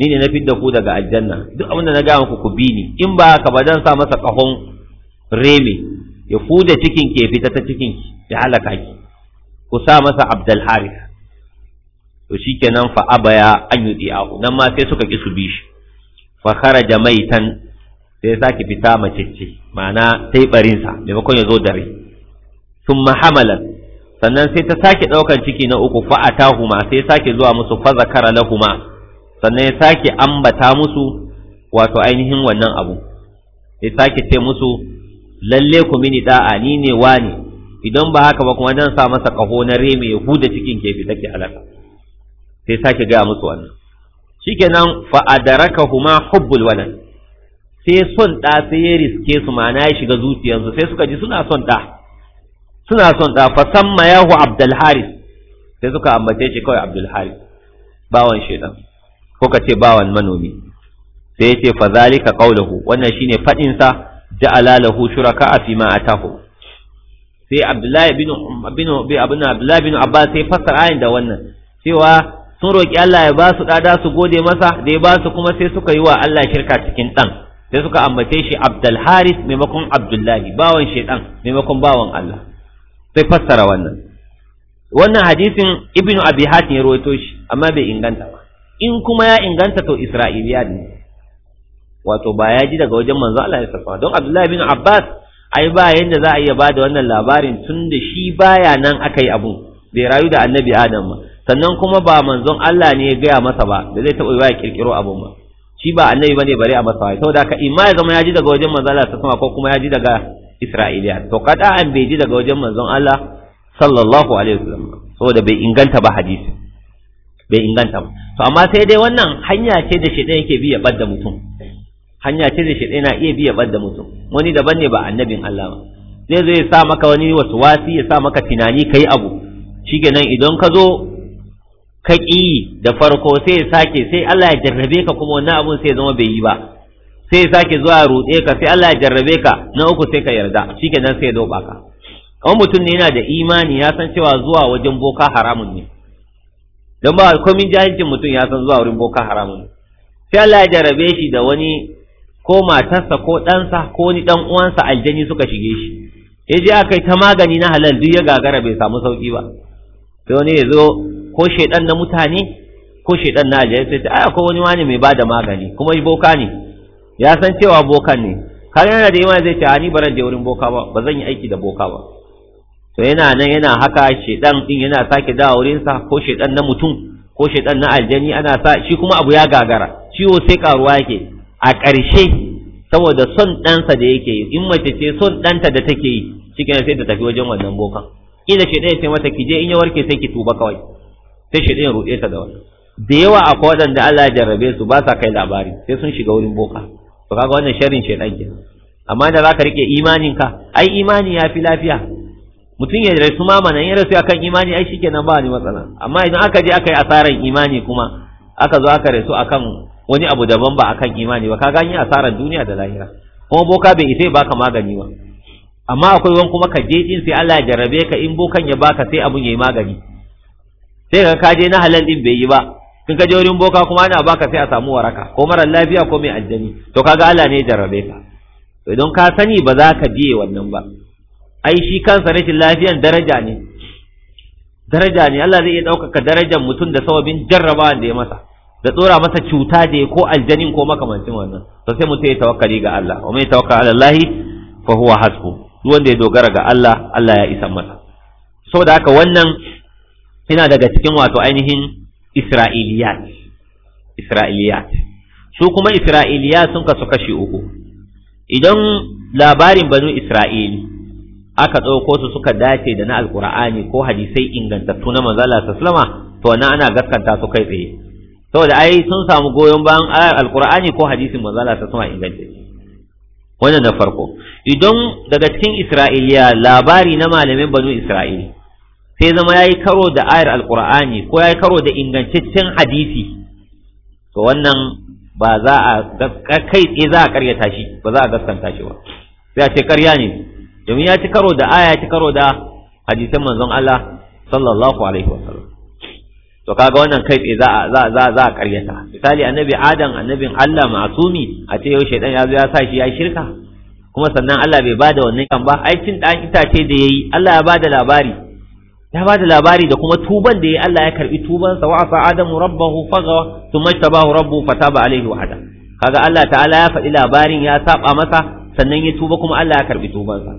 ni ne na fidda ku daga aljanna duk abin da na ga muku ku bi ni in ba haka ba zan sa masa kahon reme ya fuda cikin ke fita ta cikin ki ya halaka ki ku sa masa abdul harith to shikenan fa abaya an yudi ahu nan ma sai suka ki su bi shi fa kharaja maitan sai ya ki fita ce, ma'ana sai barinsa maimakon ya zo dare sun mahamalan sannan sai ta sake ɗaukar ciki na uku fa'ata huma sai sake zuwa musu faza fazakara lahuma sannan ya sake ambata musu wato ainihin wannan abu ya sake ce musu lalle ku mini da'a ni ne wa ne? idan ba haka ba kuma zan sa masa ƙaho na reme ya huda cikin ke fita ke halaka sai sake gaya musu wannan shikenan fa adaraka huma hubbul walad sai son ɗa sai ya riske su ma'ana ya shiga zuciyarsu sai suka ji suna son ɗa suna son ɗa fa ma yahu abdulharis haris sai suka ambace shi kawai abdulharis haris bawan shaidan, ko ka ce bawan manomi sai ya ce fa zalika qawluhu wannan shine fadin sa ja'ala alalahu shuraka fi ma atahu sai abdullahi bin umm, bin abin abdullahi bin abbas sai fassara ayin da wannan cewa sun roki Allah ya ba su da su gode masa da ya ba su kuma sai suka yi wa Allah shirka cikin dan sai suka ambace shi Abdul Haris maimakon Abdullahi bawan shedan maimakon bawan Allah sai fassara wannan wannan hadisin Ibn Abi Hatim ya rawaito shi amma bai inganta ba in kuma ya inganta to Isra'iliya ne wato ba ya ji daga wajen manzo Allah ya safa don Abdullahi bin Abbas ai ba yanda za a iya da wannan labarin tun da shi baya nan akai abu bai rayu da Annabi Adam ba sannan kuma ba manzon Allah ne ya gaya masa ba da zai taɓa ya kirkiro abun ba shi ba annabi bane bare a masa wahayi da ka imma ya zama ya ji daga wajen manzon Allah sallallahu ko kuma ya ji daga Isra'iliya to kada an bai ji daga wajen manzon Allah sallallahu alaihi wasallam saboda bai inganta ba hadisi bai inganta ba to amma sai dai wannan hanya ce da shedan yake bi ya badda mutum hanya ce da shedan na iya bi ya badda mutum wani daban ne ba annabin Allah ba zai zo ya sa maka wani wasu wasi ya sa maka tunani kai abu nan idan ka zo ka ƙi da farko sai ya sake sai Allah ya jarrabe ka kuma wannan abun sai ya zama bai yi ba sai ya sake zuwa ya rutse ka sai Allah ya jarrabe ka na uku sai ka yarda shikenan sai ya doba ka an mutum ne yana da imani ya san cewa zuwa wajen boka haramun ne don ba komin jahilcin mutum ya san zuwa wurin boka haramun ne sai Allah ya jarrabe shi da wani ko matarsa ko ɗansa ko wani ɗan uwansa aljani suka shige shi ya je aka yi ta magani na halal duk ya gagara bai samu sauki ba sai wani ya zo ko shaidan na mutane ko shaidan na aljanu sai ai akwai wani wani mai bada magani kuma boka ne ya san cewa bokan ne kar yana da yawa zai ce ni baran je wurin boka ba ba zan yi aiki da boka ba to yana nan yana haka shaidan din yana sake dawo wurin sa ko shaidan na mutum ko shaidan na aljani ana sa shi kuma abu ya gagara ciwo sai karuwa yake a ƙarshe saboda son ɗansa da yake yi in mace ce son ɗanta da take yi cikin sai ta tafi wajen wannan bokan ina ce ɗaya ce mata ki je in ya warke sai ki tuba kawai sai shi ya ruɗe ta da wani da yawa akwai da Allah ya jarrabe su ba sa kai labari sai sun shiga wurin boka to kaga wannan sharrin ɗan kenan amma da zaka rike imanin ka ai imani ya fi lafiya mutum ya rasu ma mana ya rasu akan imani ai shikenan ba ni matsala amma idan aka je aka yi asaran imani kuma aka zo aka rasu akan wani abu daban ba akan imani ba kaga yi asaran duniya da lahira kuma boka bai ita baka magani ba amma akwai wani kuma ka je din sai Allah ya jarrabe ka in bokan ya baka sai abun yayi magani sai ka je na halal din bai yi ba kin ka je wurin boka kuma ana baka sai a samu waraka ko mara lafiya ko mai aljani to kaga Allah ne jarrabe ka to idan ka sani ba za ka biye wannan ba ai shi kansa rashin lafiyan daraja ne daraja ne Allah zai iya ɗaukaka darajar mutum da sababin jarrabawan da ya masa da tsora masa cuta da ya ko aljanin ko makamancin wannan to sai mutum ya tawakkali ga Allah wa mai tawakkal ala Allah fa huwa hasbu duk wanda ya dogara ga Allah Allah ya isa masa saboda haka wannan Ina daga cikin wato ainihin isra'iliyat isra'iliyat su kuma isra'iliyat sun kasu kashi uku idan labarin banu isra'ili aka ɗauko su suka dace da na alkur'ani ko hadisai ingantattu na manzala sallama to na ana gaskanta su kai tsaye saboda ai sun samu goyon bayan alkur'ani ko hadisin manzala sallama ingantacce wannan na farko idan daga cikin isra'iliya labari na malamin banu isra'ili sai zama ya yi karo da ayar alkur'ani ko ya yi karo da ingantaccen hadisi to wannan ba za a kai tsaye za a karyata shi ba za a gaskanta shi ba sai a ce karya ne domin ya ci karo da aya ya ci karo da hadisan manzon Allah sallallahu alaihi wasallam to kaga wannan kai tsaye za za za za karyata misali annabi adam annabin Allah ma'sumi a ce yau shaidan ya zo ya sa shi ya shirka kuma sannan Allah bai bada wannan kan ba aikin dan itace da yayi Allah ya bada labari ya ba da labari da kuma tuban da ya Allah ya karbi tubansa, wa asa adamu rabbahu fagha thumma tabahu rabbu fataba alaihi wa hada kaga Allah ta'ala ya faɗi labarin ya saba masa sannan ya tuba kuma Allah ya karbi tubansa?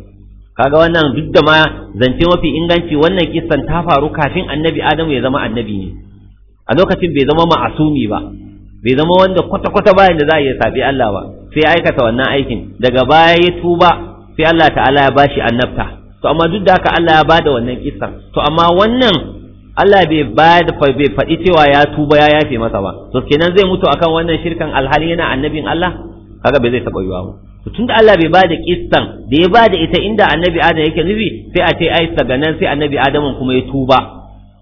kaga wannan duk da ma zance mafi inganci wannan kissan ta faru kafin annabi Adamu ya zama annabi ne a lokacin bai zama ma'asumi ba bai zama wanda kwata-kwata bayan da za a iya sabi Allah ba sai aikata wannan aikin daga baya ya tuba sai Allah ta'ala ya bashi annabta to amma duk da haka Allah ya bada wannan kissa to amma wannan Allah bai bada bai faɗi cewa ya tuba ya yafe masa ba to kenan zai mutu akan wannan shirkan alhali yana annabin Allah kaga bai zai taɓa yiwa ba to tunda Allah bai bada kisan da ya bada ita inda annabi Adam yake nufi sai a ce ai nan sai annabi Adam kuma ya tuba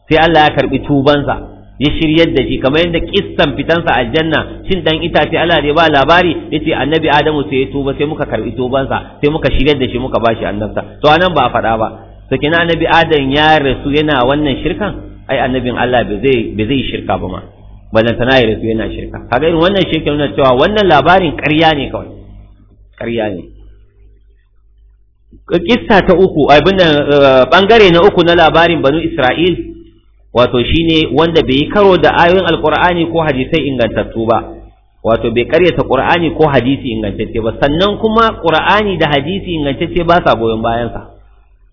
sai Allah ya karbi tubansa ya shiryar da shi kamar yadda kistan fitansa aljanna shin dan itace Allah ne ba labari yace annabi Adamu sai ya tuba sai muka karbi sa sai muka shiryar da shi muka bashi annabta to anan ba a faɗa ba to kina annabi Adam ya rasu yana wannan shirkan ai annabin Allah bai zai bai zai shirka ba ma tana ya rasu yana shirka kaga irin wannan shirka nuna cewa wannan labarin ƙarya ne kawai ƙarya ne kissa ta uku abin bangare eh, na uku na labarin banu Isra'il wato shine wanda bai yi karo da ayoyin alqur'ani ko hadisai ingantattu ba wato bai karyata qur'ani ko hadisi ingantacce ba sannan kuma qur'ani da hadisi ingantacce ba sa goyon bayan sa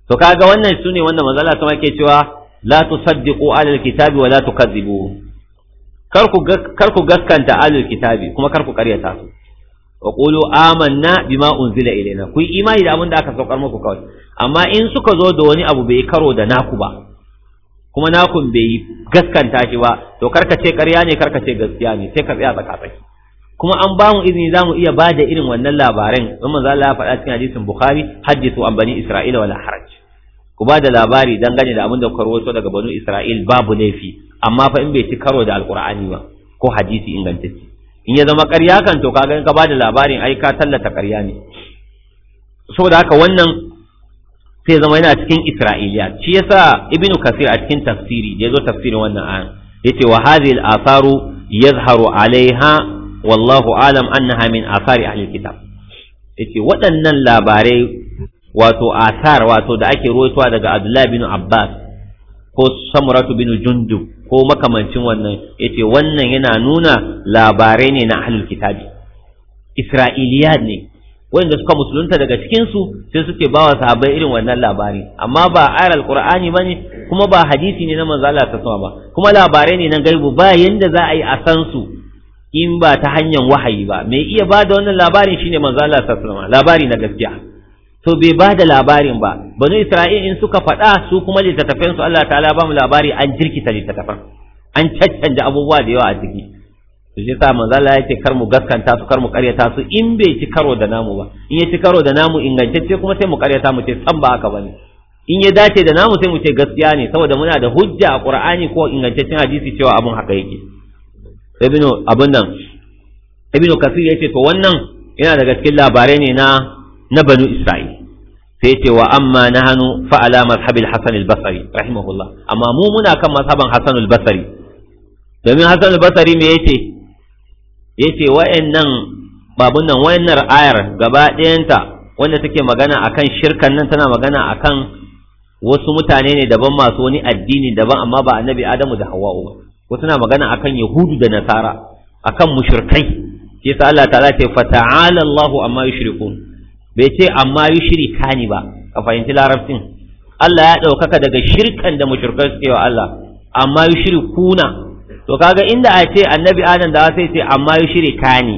to kaga wannan sune wanda manzo Allah yake cewa la tusaddiqu alal kitabi wa la tukadzibu kar ku gaskanta alal kitabi kuma kar ku karyata su wa qulu amanna bima unzila ilaina ku imani da abin da aka saukar muku kawai amma in suka zo da wani abu bai karo da naku ba kuma nakun bai yi gaskanta shi ba to karka ce ƙarya ne karka ce gaskiya ne sai ka tsaya tsakatsaki kuma an ba mu izini za mu iya ba da irin wannan labarin don manzo Allah ya faɗa cikin hadisin Bukhari hadithu an bani Isra'ila wala haraj ku ba da labari dangane da abin da ku rawaito daga banu Isra'il babu laifi amma fa in bai ci karo da alqur'ani ba ko hadisi ingantacce in ya zama ƙarya kan to kaga in ka ba da labarin ai ka tallata ƙarya ne saboda haka wannan sai zama yana cikin isra'iliya shi yasa ibnu kasir a cikin tafsiri da zo tafsirin wannan ayan yace wa hadhihi al-atharu yazharu alaiha wallahu alam annaha min athari ahli kitab yace waɗannan labarai wato athar wato da ake ruwaitowa daga Abdullah bin Abbas ko Samuratu bin Jundub ko makamancin wannan yace wannan yana nuna labarai ne na ahlul kitabi Isra'iliyat ne wanda suka musulunta daga cikin su sai suke ba wa sahabbai irin wannan labari amma ba ayar alqur'ani bane kuma ba hadisi ne na manzo Allah ta sama ba kuma labarai ne na gaibu ba yanda za a yi a san su in ba ta hanyar wahayi ba mai iya ba da wannan labarin shine manzo Allah ta sama labari na gaskiya to bai ba da labarin ba banu isra'il in suka faɗa su kuma littattafan su Allah ta'ala ba mu labari an jirkita littattafan an caccanja abubuwa da yawa a ciki to shi sa manzo Allah yake kar mu gaskanta su kar mu karyata su in bai ci karo da namu ba in ya ci karo da namu ingantacce kuma sai mu karyata mu ce san ba haka bane in ya dace da namu sai mu ce gaskiya ne saboda muna da hujja a Qur'ani ko ingantaccen hadisi cewa abun haka yake ibnu abun nan ibnu kasir yace to wannan yana daga cikin labarai ne na na banu isra'il sai yace wa amma nahnu fa ala mazhabil hasan al-basri rahimahullah amma mu muna kan mazhaban hasan al-basri domin hasan al-basri me yace yace wa'annan babun nan wayannar ayar gaba ɗayanta wanda take magana akan shirkan nan tana magana akan wasu mutane ne daban masu wani addini daban amma ba annabi Adamu da Hawwa'u ba wasu na magana akan Yahudu da Nasara akan mushrikai Ke sa Allah ta'ala ce fa ta'ala Allahu amma yushrikun bai ce amma ni ba ka fahimci larabcin Allah ya ɗaukaka daga shirkan da mushrikai suke wa Allah amma yushrikuna to kaga inda a ce annabi adam da sai ce amma ya shirka ne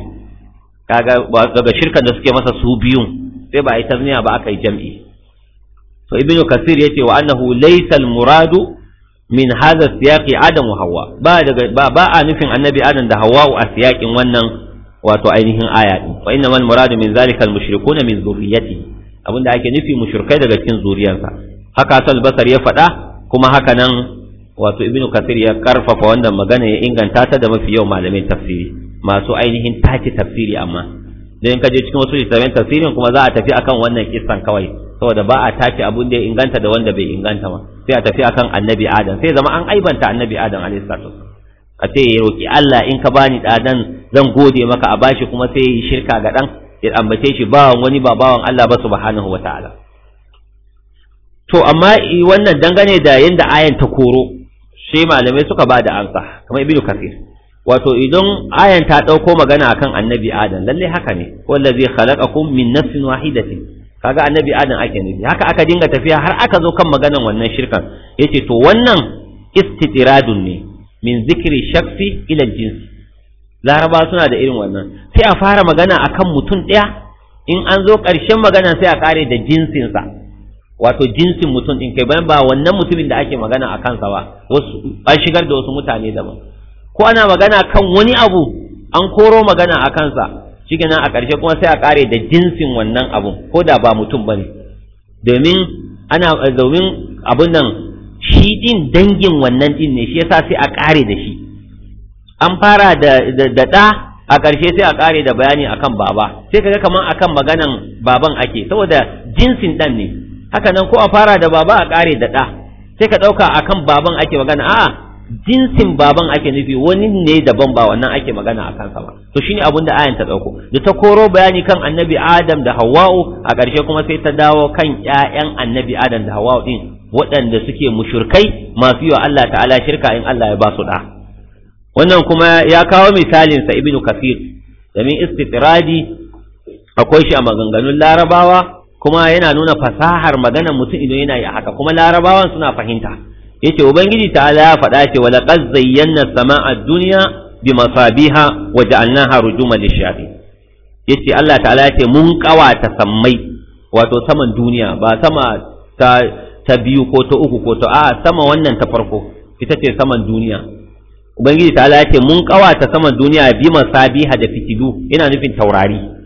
kaga daga shirkan da suke masa su biyun sai ba a yi tazniya ba aka yi jam'i to ibnu kasir yace wa annahu laysa muradu min hadha siyaqi adam wa hawa ba daga ba, ba a nufin annabi adam da hawa a siyaqin wannan wato ainihin aya din wa al muradu min zalika al mushrikun min zurriyati abinda ake nufi mushrikai daga cikin zuriyarsa haka sal basar ya faɗa kuma haka nan wato ibnu kasir ya karfafa wannan magana ya inganta ta da mafi yau malamin tafsiri masu ainihin tace tafsiri amma dan ka je cikin wasu littafin tafsirin kuma za a tafi akan wannan kissan kawai saboda ba a tace abun da ya inganta da wanda bai inganta ba sai a tafi akan annabi adam sai zama an aibanta annabi adam alayhi salatu a ce ya roki Allah in ka bani dadan zan gode maka a bashi kuma sai ya yi shirka ga dan ya ambace shi bawan wani ba bawan Allah ba subhanahu wataala to amma wannan dangane da yanda ayan ta koro Shi malamai suka ba da ansa kamar ibnu kafir wato idan ayan ta dauko magana akan annabi adam lalle haka ne wallazi khalaqakum min nafsin wahidatin kaga annabi adam ake nufi haka aka dinga tafiya har aka zo kan maganan wannan shirkan yace to wannan istitiradun ne min zikri shakhsi ila jinsi laraba suna da irin wannan sai a fara magana akan mutum daya in an zo ƙarshen magana sai a kare da jinsinsa wato jinsin mutum din kai bayan ba wannan mutumin da ake magana a kansa ba wasu an shigar da wasu mutane daban ko ana magana kan wani abu an koro magana a kansa nan a ƙarshe kuma sai a ƙare da jinsin wannan abun ko da ba mutum bane domin ana domin abun nan shi din dangin wannan din ne shi yasa sai a ƙare da shi an fara da da da a ƙarshe sai a ƙare da bayani akan baba sai kaga kaman akan maganan baban ake saboda jinsin ɗan ne haka nan ko a fara da baba a kare da ɗa sai ka ɗauka akan baban ake magana a'a jinsin baban ake nufi wani ne daban ba wannan ake magana a kansa ba to shine abin da ayan ta ɗauko da ta koro bayani kan annabi adam da hawa'u a ƙarshe kuma sai ta dawo kan ƴaƴan annabi adam da hawa'u din waɗanda suke mushurkai masu yi wa Allah ta'ala shirka in Allah ya ba su ɗa wannan kuma ya kawo misalin sa ibnu kafir domin istitiradi akwai shi a maganganun larabawa kuma yana nuna fasahar magana mutum idan yana yi haka kuma larabawan suna fahimta yace ubangiji ta Ala ya faɗa ce wala qad zayyana samaa dunya bi masabiha wa ja'alnaha rujuma lishayatin yace Allah ta'ala yace mun kawata sammai wato saman duniya ba sama ta ta biyu ko ta uku ko ta a sama wannan ta farko ita ce saman duniya ubangiji ta'ala yace mun kawata saman duniya bi masabiha da fitilu ina nufin taurari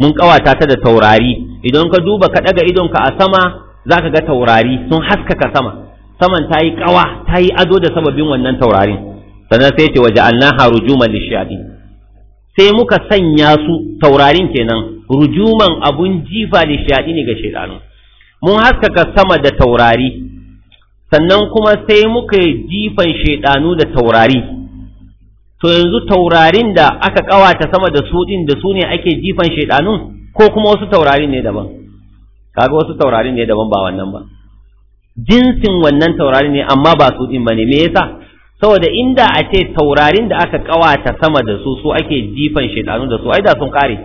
mun kawata ta da taurari idan ka duba ka daga idonka a sama zaka ga taurari sun haskaka sama saman ta yi kawa ta yi ado da sababin wannan taurarin sannan sai ce waje annaha rujuman lishadi sai muka sanya su taurarin kenan rujuman abun jifa lishadi ne ga shaidanu mun haskaka sama da taurari sannan kuma sai muka jifan shaidanu da taurari to yanzu taurarin da aka kawata sama da su din da su ne ake jifan shaidanun ko kuma wasu taurarin ne daban kaga wasu taurarin ne daban ba wannan ba jinsin wannan taurarin ne amma ba su din bane me yasa saboda inda a ce taurarin da aka kawata sama da su su ake jifan shaidanu da su ai da sun kare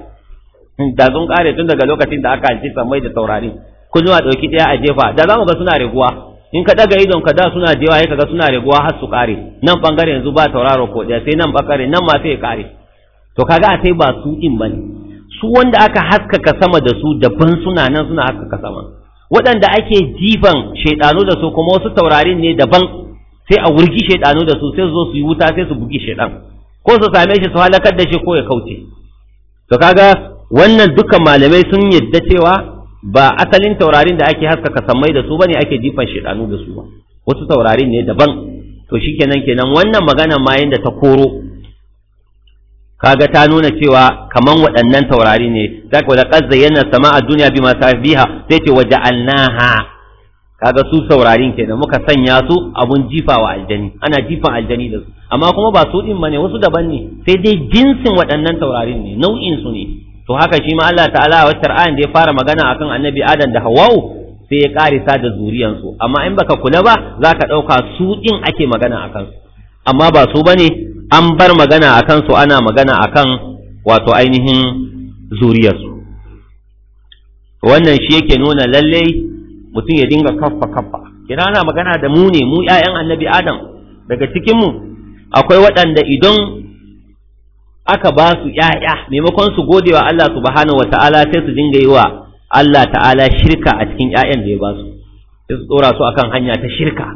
da sun kare tun daga lokacin da aka ji samai da taurarin kullum a dauki daya a jefa da zamu ga suna riguwa in ka daga idon ka da suna jewa, ya kaga suna raguwa har su kare nan bangare yanzu ba tauraro ko da sai nan bakare nan ma sai kare to kaga sai ba su din bane su wanda aka haskaka sama da su daban suna nan suna haskaka sama waɗanda ake jifan shaidanu da su kuma wasu taurarin ne daban sai a wurgi shaidanu da su sai su zo su yi wuta sai su bugi shaidan ko su same shi su halakar da shi ko ya kauce to kaga wannan dukkan malamai sun yadda cewa ba asalin taurarin da ake haskaka sammai da su bane ake jifan shiɗanu da su ba wasu taurarin ne daban to shikenan kenan wannan magana ma yanda ta koro kaga ta nuna cewa kaman waɗannan taurari ne zaka wala sama zayyana duniya bi masu biha sai ce Ka kaga su taurarin kenan muka sanya su abun jifawa aljani ana jifan aljani da su amma kuma ba su din ne, wasu daban ne sai dai jinsin waɗannan taurarin ne nau'in su ne to haka shi ma Allah ta'ala wa shar'an da ya fara magana akan annabi adam da hawau sai ya karisa da zuriyansu amma in baka kula ba za ka ɗauka su ɗin ake magana akan su amma ba su bane an bar magana akan su ana magana akan wato ainihin zuriyarsu wannan shi yake nuna lallai mutum ya dinga kaffa kaffa kina ana magana da mu ne mu ƴaƴan annabi adam daga cikinmu akwai waɗanda idan aka ba su ‘ya'ya maimakon su gode wa Allah subhanahu wata'ala sai su dinga yi wa Allah ta'ala shirka a cikin ‘ya'yan da ya ba su sai su tsora su akan hanya ta shirka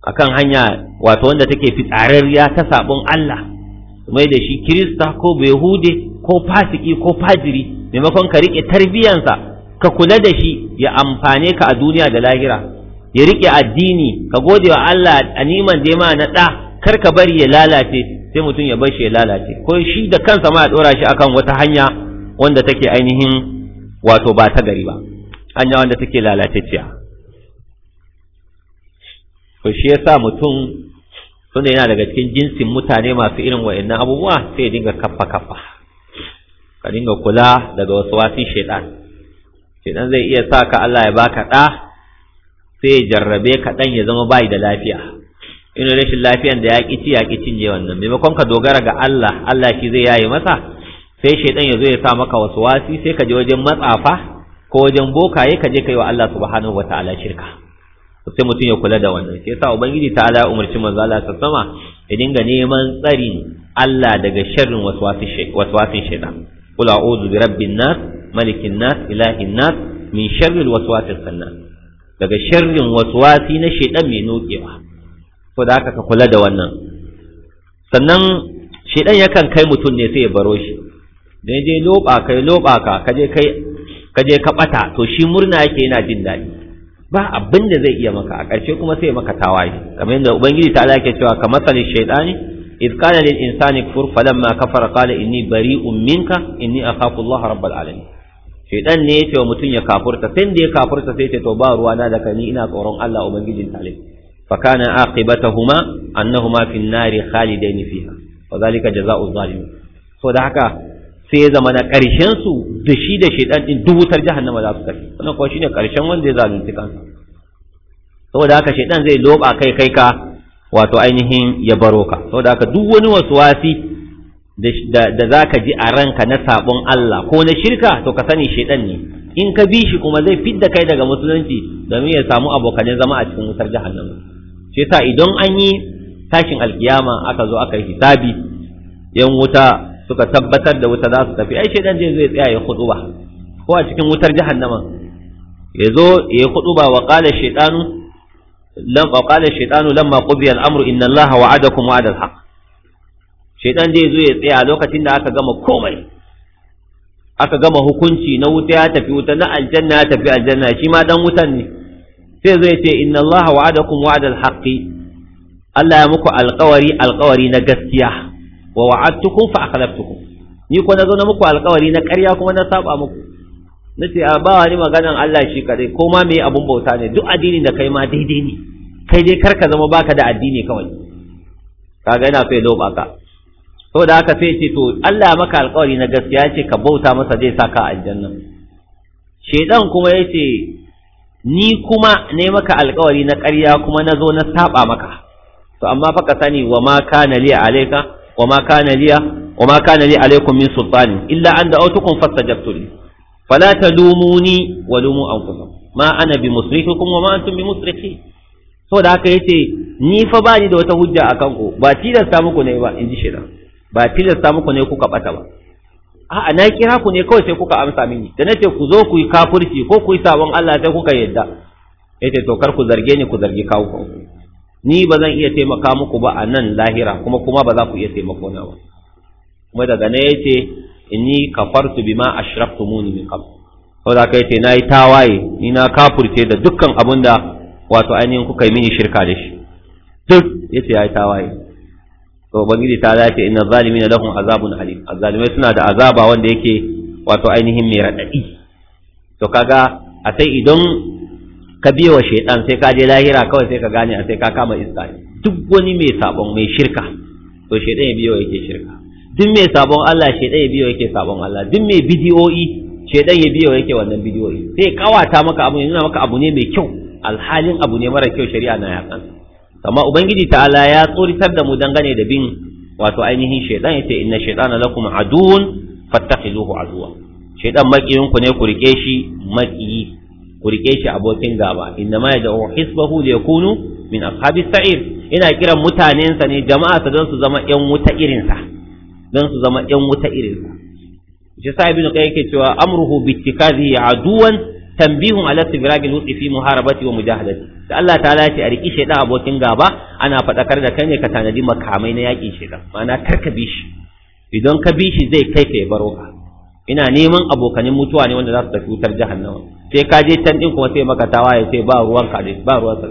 akan hanya wato wanda take fitsararriya ta sabon Allah mai da shi kirista ko yahude ko fasiki ko fajiri maimakon ka riƙe tarbiyansa ka kula da shi ya amfane ka a duniya da lahira ya riƙe addini ka gode wa Allah a niman da ma na ɗa kar ka bari ya lalace sai mutum ya bar shi ya lalace ko shi da kansa ma ya dora shi akan wata hanya wanda take ainihin wato ba ta gari ba hanya wanda take lalatacciya Ko shi ya sa mutum tunda yana daga cikin jinsin mutane masu irin wa'annan abubuwa sai ya dinga kaffa kaffa ka dinga kula daga wasu wasin shaidan shaidan zai iya sa ka Allah ya baka da sai ya jarrabe ka dan ya zama bai da lafiya irin rashin lafiyan da ya ƙi ci ya ƙi je wannan maimakon ka dogara ga Allah Allah shi zai yayi masa sai shaidan ya zo ya sa maka wasu wasi sai ka je wajen matsafa ko wajen bokaye ka je ka yi wa Allah subhanahu ta'ala shirka sai mutum ya kula da wannan sai sa ubangiji ta ala umarci manzo Allah ta sama ya dinga neman tsari Allah daga sharrin wasu shaitan qul a'udhu bi rabbin nas malikin nas ilahin nas min sharril waswasil khannas daga sharrin waswasi na shaitan mai nokewa so da haka ka kula da wannan sannan shedan yakan kai mutum ne sai ya baro shi da ya je loba kai loba ka kaje kai ka ka bata to shi murna yake yana jin daɗi ba abin da zai iya maka a ƙarshe kuma sai maka tawaye kamar yadda ubangiji ta ke cewa ka masalin id qala lil insani كفر falamma kafara qala inni bari'un minka inni akhafu Allah rabbal alamin shaytan ne ya ce wa mutum ya kafurta sai da ya kafurta sai ce to ba ruwa na da ni ina tsoron Allah ubangijin talib فكان عاقبتهما أنهما في النار خالدين فيها وذلك جزاء الظالمين so da haka sai ya zama ƙarshen su da shi da shaidan din duk wutar jahannama za su tafi wannan kuwa shine ƙarshen wanda ya zalunci kansa saboda haka shaidan zai loba kai kai ka wato ainihin ya baro ka saboda haka duk wani wasi da za ka ji a ranka na sabon Allah ko na shirka to ka sani shaidan ne in ka bi shi kuma zai fidda kai daga musulunci domin ya samu abokanin zama a cikin wutar jahannama shi yasa idan an yi tashin alkiyama aka zo aka yi hisabi yan wuta suka tabbatar da wuta za su tafi ai shedan zai zo ya tsaya ya khutuba ko a cikin wutar jahannama ya zo ya khutuba wa qala shaytanu lam wa qala shaytanu lamma qudi al-amru inna allaha wa'adakum wa'ada al-haq shedan zai zo ya tsaya lokacin da aka gama komai aka gama hukunci na wuta ya tafi wuta na aljanna ya tafi aljanna shi ma dan wutan ne sai zai ce inna Allah wa'adakum wa'dal haqqi Allah ya muku alƙawari alƙawari na gaskiya wa wa'adtukum fa akhlaftukum ni ko na zo na muku alƙawari na ƙarya kuma na saba muku nace a ba wani maganan Allah shi kadai ko ma me abun bauta ne duk addini da kai ma daidai ne kai dai karka zama baka da addini kawai kaga yana so ya doba ka saboda haka sai ce to Allah ya maka alƙawari na gaskiya ce ka bauta masa zai saka aljanna shedan kuma yace ni kuma ne maka alkawari na ƙarya kuma na zo na saba maka to amma fa ka sani wa ma kana li alayka wa ma kana li wa ma kana li alaykum min sultani illa an da'awtukum fastajabtu li fala talumuni wa lumu anfusakum ma ana bi musrikikum wa ma antum bi musriki da haka yace ni fa ba ni da wata hujja akan ku ba tilasta muku ne ba inji shi ba tilasta muku ne kuka bata ba a'a na kira ku ne kawai sai kuka amsa mini da nace ku zo ku yi kafirci ko ku yi sabon Allah sai kuka yadda yace to kar ku zarge ni ku zargi kawo ni ba zan iya taimaka muku ba a nan lahira kuma kuma ba za ku iya taimako na ba kuma daga nan yace inni kafartu bima ashraftumuni min qabl da kai yace nayi tawaye ni na kafurce da dukkan abinda wato ainihin kuka yi mini shirka da shi duk yace yayi tawaye to ubangiji ta dace inna zalimina lahum azabun halim Azalimai suna da azaba wanda yake wato ainihin mai radadi to kaga a sai idan ka biye wa shaytan sai ka je lahira kawai sai ka gane a sai ka kama iska duk wani mai sabon mai shirka to shaytan ya biyo yake shirka duk mai sabon Allah shaytan ya biyo yake sabon Allah duk mai bidiyoyi shaytan ya biyo yake wannan bidiyoyi sai kawata maka abu ne maka abu ne mai kyau alhalin abu ne mara kyau shari'a na yakan amma ubangiji ta'ala ya tsoritar da mu dangane da bin wato ainihin shaitan yace inna shaitana lakum aduun fattakhizuhu aduwa shaitan makiyin ku ne ku rike shi makiyi ku rike shi abokin gaba inna ma yad'u hisbahu liyakunu min ashabis sa'ir ina kiran mutanensa ne jama'a don su zama yan wuta irinsa don su zama yan wuta irinsa shi sa ibnu qayyim yake cewa amruhu bittikazi aduwan tanbihun ala istigraqil wuti fi muharabati wa mujahadati da Allah ta lace a riki shaidan abokin gaba ana faɗakar da kai ne ka tanadi makamai na yakin shaidan Mana kar ka bi shi idan ka bi shi zai kai ka ya baro ka ina neman abokanin mutuwa ne wanda za su tafi wutar jahannama sai ka je can din kuma sai maka tawaye sai ba ruwan ka ba ruwan sa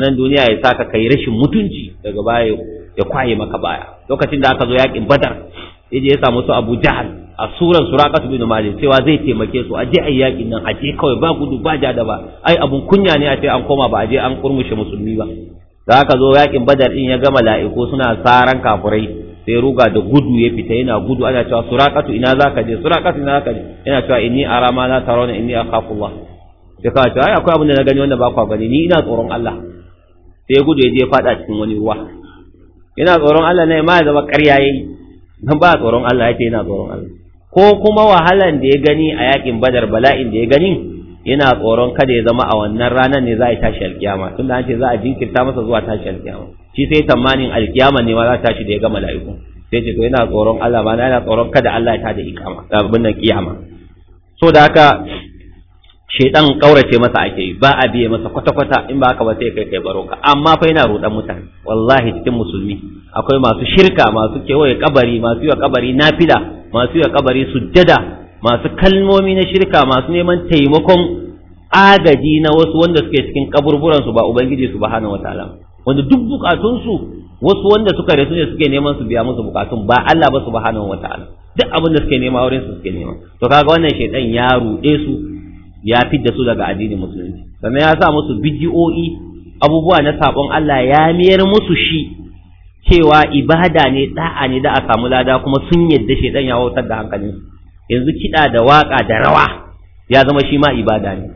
nan duniya ya saka kai rashin mutunci daga baya ya kwaye maka baya lokacin da aka zo yakin badar yaje ya samu su Abu Jahal a suran su bin malik cewa zai taimake su aje ai yakin nan aje kawai ba gudu ba jada ba ai abun kunya ne a ce an koma ba aje an kurmushe musulmi ba da aka zo yakin badar din ya ga mala'iku suna saran kafurai sai ruga da gudu ya fita yana gudu ana cewa suraqatu ina zaka je suraqatu ina zaka je yana cewa inni ara ma la tarawna inni akhafullah sai ka ce ai akwai abin da na gani wanda ba kwa gani ni ina tsoron Allah sai gudu ya je fada cikin wani ruwa ina tsoron Allah ne ma ya zama ƙarya yayi dan ba tsoron Allah yake yana tsoron Allah ko kuma wahalan da ya gani a yakin badar bala'in da ya gani yana tsoron kada ya zama a wannan ranar ne za a tashi alkiyama tunda an ce za a jinkirta masa zuwa tashi alkiyama shi sai tamanin alkiyama ne ma za tashi da ya ga mala'iku sai ce to yana tsoron Allah ba yana tsoron kada Allah ya tada ikama abin nan kiyama so da haka shedan kaurace masa ake yi ba a biye masa kwata-kwata in ba haka ba sai kai kai baro ka amma fa yana rudan mutane wallahi cikin musulmi akwai masu shirka masu kewaye kabari masu yi kabari nafila masu ya kabari su jada masu kalmomi na shirka masu neman taimakon agaji na wasu wanda suke cikin kaburburan su ba ubangiji subhanahu wataala wanda duk bukatun su wasu wanda suka rasu ne suke neman su biya musu bukatun ba Allah ba subhanahu wataala duk abin da suke nema wurin su suke nema to kaga wannan shaytan ya ruɗe su ya fidda su daga addinin musulunci sannan ya sa musu biji'o'i, abubuwa na sabon Allah ya miyar musu shi cewa ibada ne da'a ne da a samu lada kuma sun yadda shedan ya wautar da hankalin yanzu kiɗa da waka da rawa ya zama shi ma ibada ne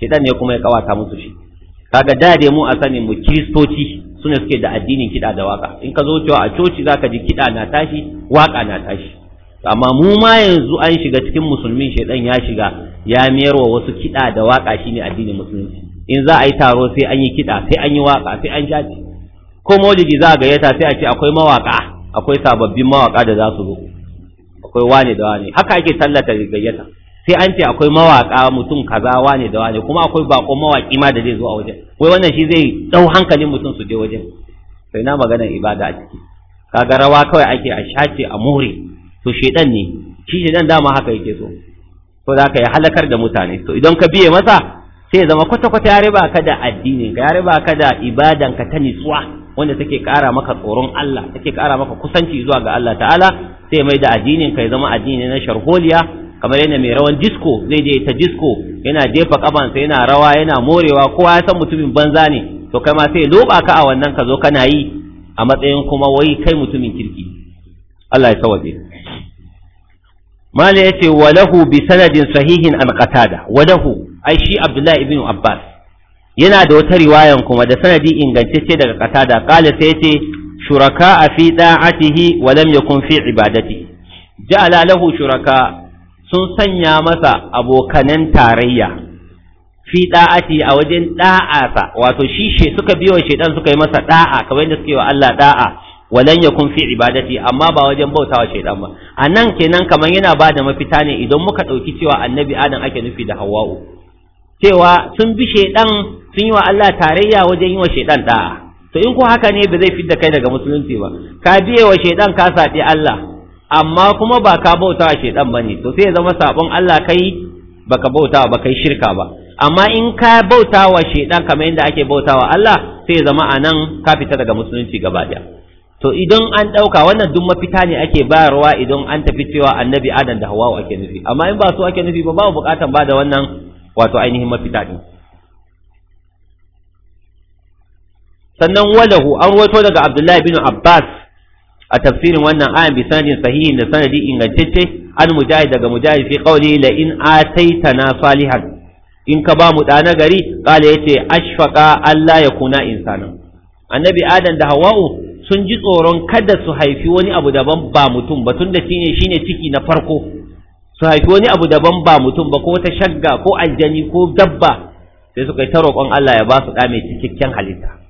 shedan ne kuma ya kawata musu shi kaga da da mu a sani mu kiristoci sune suke da addinin kiɗa da waka in ka zo cewa a coci zaka ji kiɗa na tashi waka na tashi amma mu ma yanzu an shiga cikin musulmin shedan ya shiga ya mayarwa wasu kiɗa da waka shine addinin musulunci in za a yi taro sai an yi kiɗa sai an yi waka sai an shafi ko maulidi za a gayyata sai a ce akwai mawaka akwai sababbin mawaka da za su zo akwai wane da wane haka ake tallata gayyata sai an ce akwai mawaka mutum kaza wane da wane kuma akwai bakon mawaki ma da zai zo a wajen wai wannan shi zai dau hankalin mutum su je wajen sai na maganar ibada a ciki kaga rawa kawai ake a shace a more to shedan ne shi shedan dama haka yake so ko za ka yi halakar da mutane to idan ka biye masa sai ya zama kwata-kwata ya riba ka da addinin ka ya riba ka da ibadan ka ta nitsuwa wanda take ƙara maka tsoron Allah take kara maka kusanci zuwa ga Allah ta'ala sai mai da addinin kai zama addini na sharholiya kamar yana mai rawan disco zai je ta disco yana jefa kafansa yana rawa yana morewa kowa ya san mutumin banza ne to kai ma sai loba ka a wannan ka zo kana yi a matsayin kuma wai kai mutumin kirki Allah ya tawaje mala yace walahu bi sanadin sahihin an qatada walahu ai shi abdullahi Ibnu, abbas yana da wata riwayan kuma da sanadi ingantacce daga da, kala sai ce shuraka a fi da'atihi wa lam yakun fi ibadati ja'ala lahu shuraka sun sanya masa abokanan tarayya fi da'ati a wajen ɗa'asa, wato shi she suka biyo shedan suka yi masa da'a kamar yadda suke wa Allah da'a lam yakun fi ibadati amma ba wajen bautawa shedan ba a anan kenan kamar yana ba da mafita ne idan muka ɗauki cewa annabi adam ake nufi da hawwa'u cewa sun bi shedan sun yi wa Allah tarayya wajen yi wa shaidan ɗa to in ko haka ne ba zai fidda kai daga musulunci ba ka biye wa shaidan ka saɗi Allah amma kuma ba ka bauta wa shaidan ba ne to sai ya zama sabon Allah kai ba ka bauta ba kai shirka ba amma in ka bauta wa shaidan kamar yadda ake bauta wa Allah sai ya zama anan ka fita daga musulunci gaba daya to idan an ɗauka wannan duk mafita ne ake bayarwa idan an tafi cewa annabi adam da hawa ake nufi amma in ba su ake nufi ba babu bukatan ba da wannan wato ainihin mafita ɗin sannan walahu an wato daga abdullahi bin abbas a tafsirin wannan ayan bi sanadin sahihin da sanadi ingantacce an mujahid daga mujahid fi qawli la in ataitana salihan in ka ba mu da na gari qala yace ashfaqa Allah ya kuna insana annabi adam da hawa'u sun ji tsoron kada su haifi wani abu daban ba mutum ba tunda shine shine ciki na farko su haifi wani abu daban ba mutum ba ko ta shagga ko aljani ko dabba sai suka yi ta roƙon Allah ya ba su ɗa mai cikakken halitta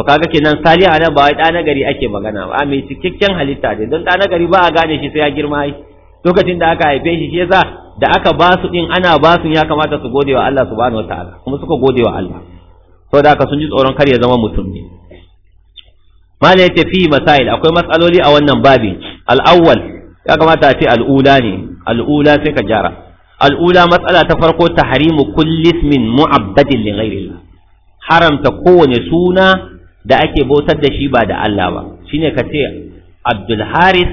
to kaga kenan saliha nan ba wai na gari ake magana ba mai cikakken halitta ne don na nagari ba a gane shi sai ya girma ai lokacin da aka haife shi shi da aka ba su din ana ba su ya kamata su gode wa Allah subhanahu wataala kuma suka gode wa Allah saboda haka sun ji tsoron kar ya zama mutum ne mala yace fi masail akwai matsaloli a wannan babi al-awwal ya kamata a ce al ne al sai ka jara al matsala ta farko tahrimu kulli ismin mu'abbadin li ghairillah haramta kowane suna da ake bautar da shi ba da Allah ba shine ka ce Abdul Haris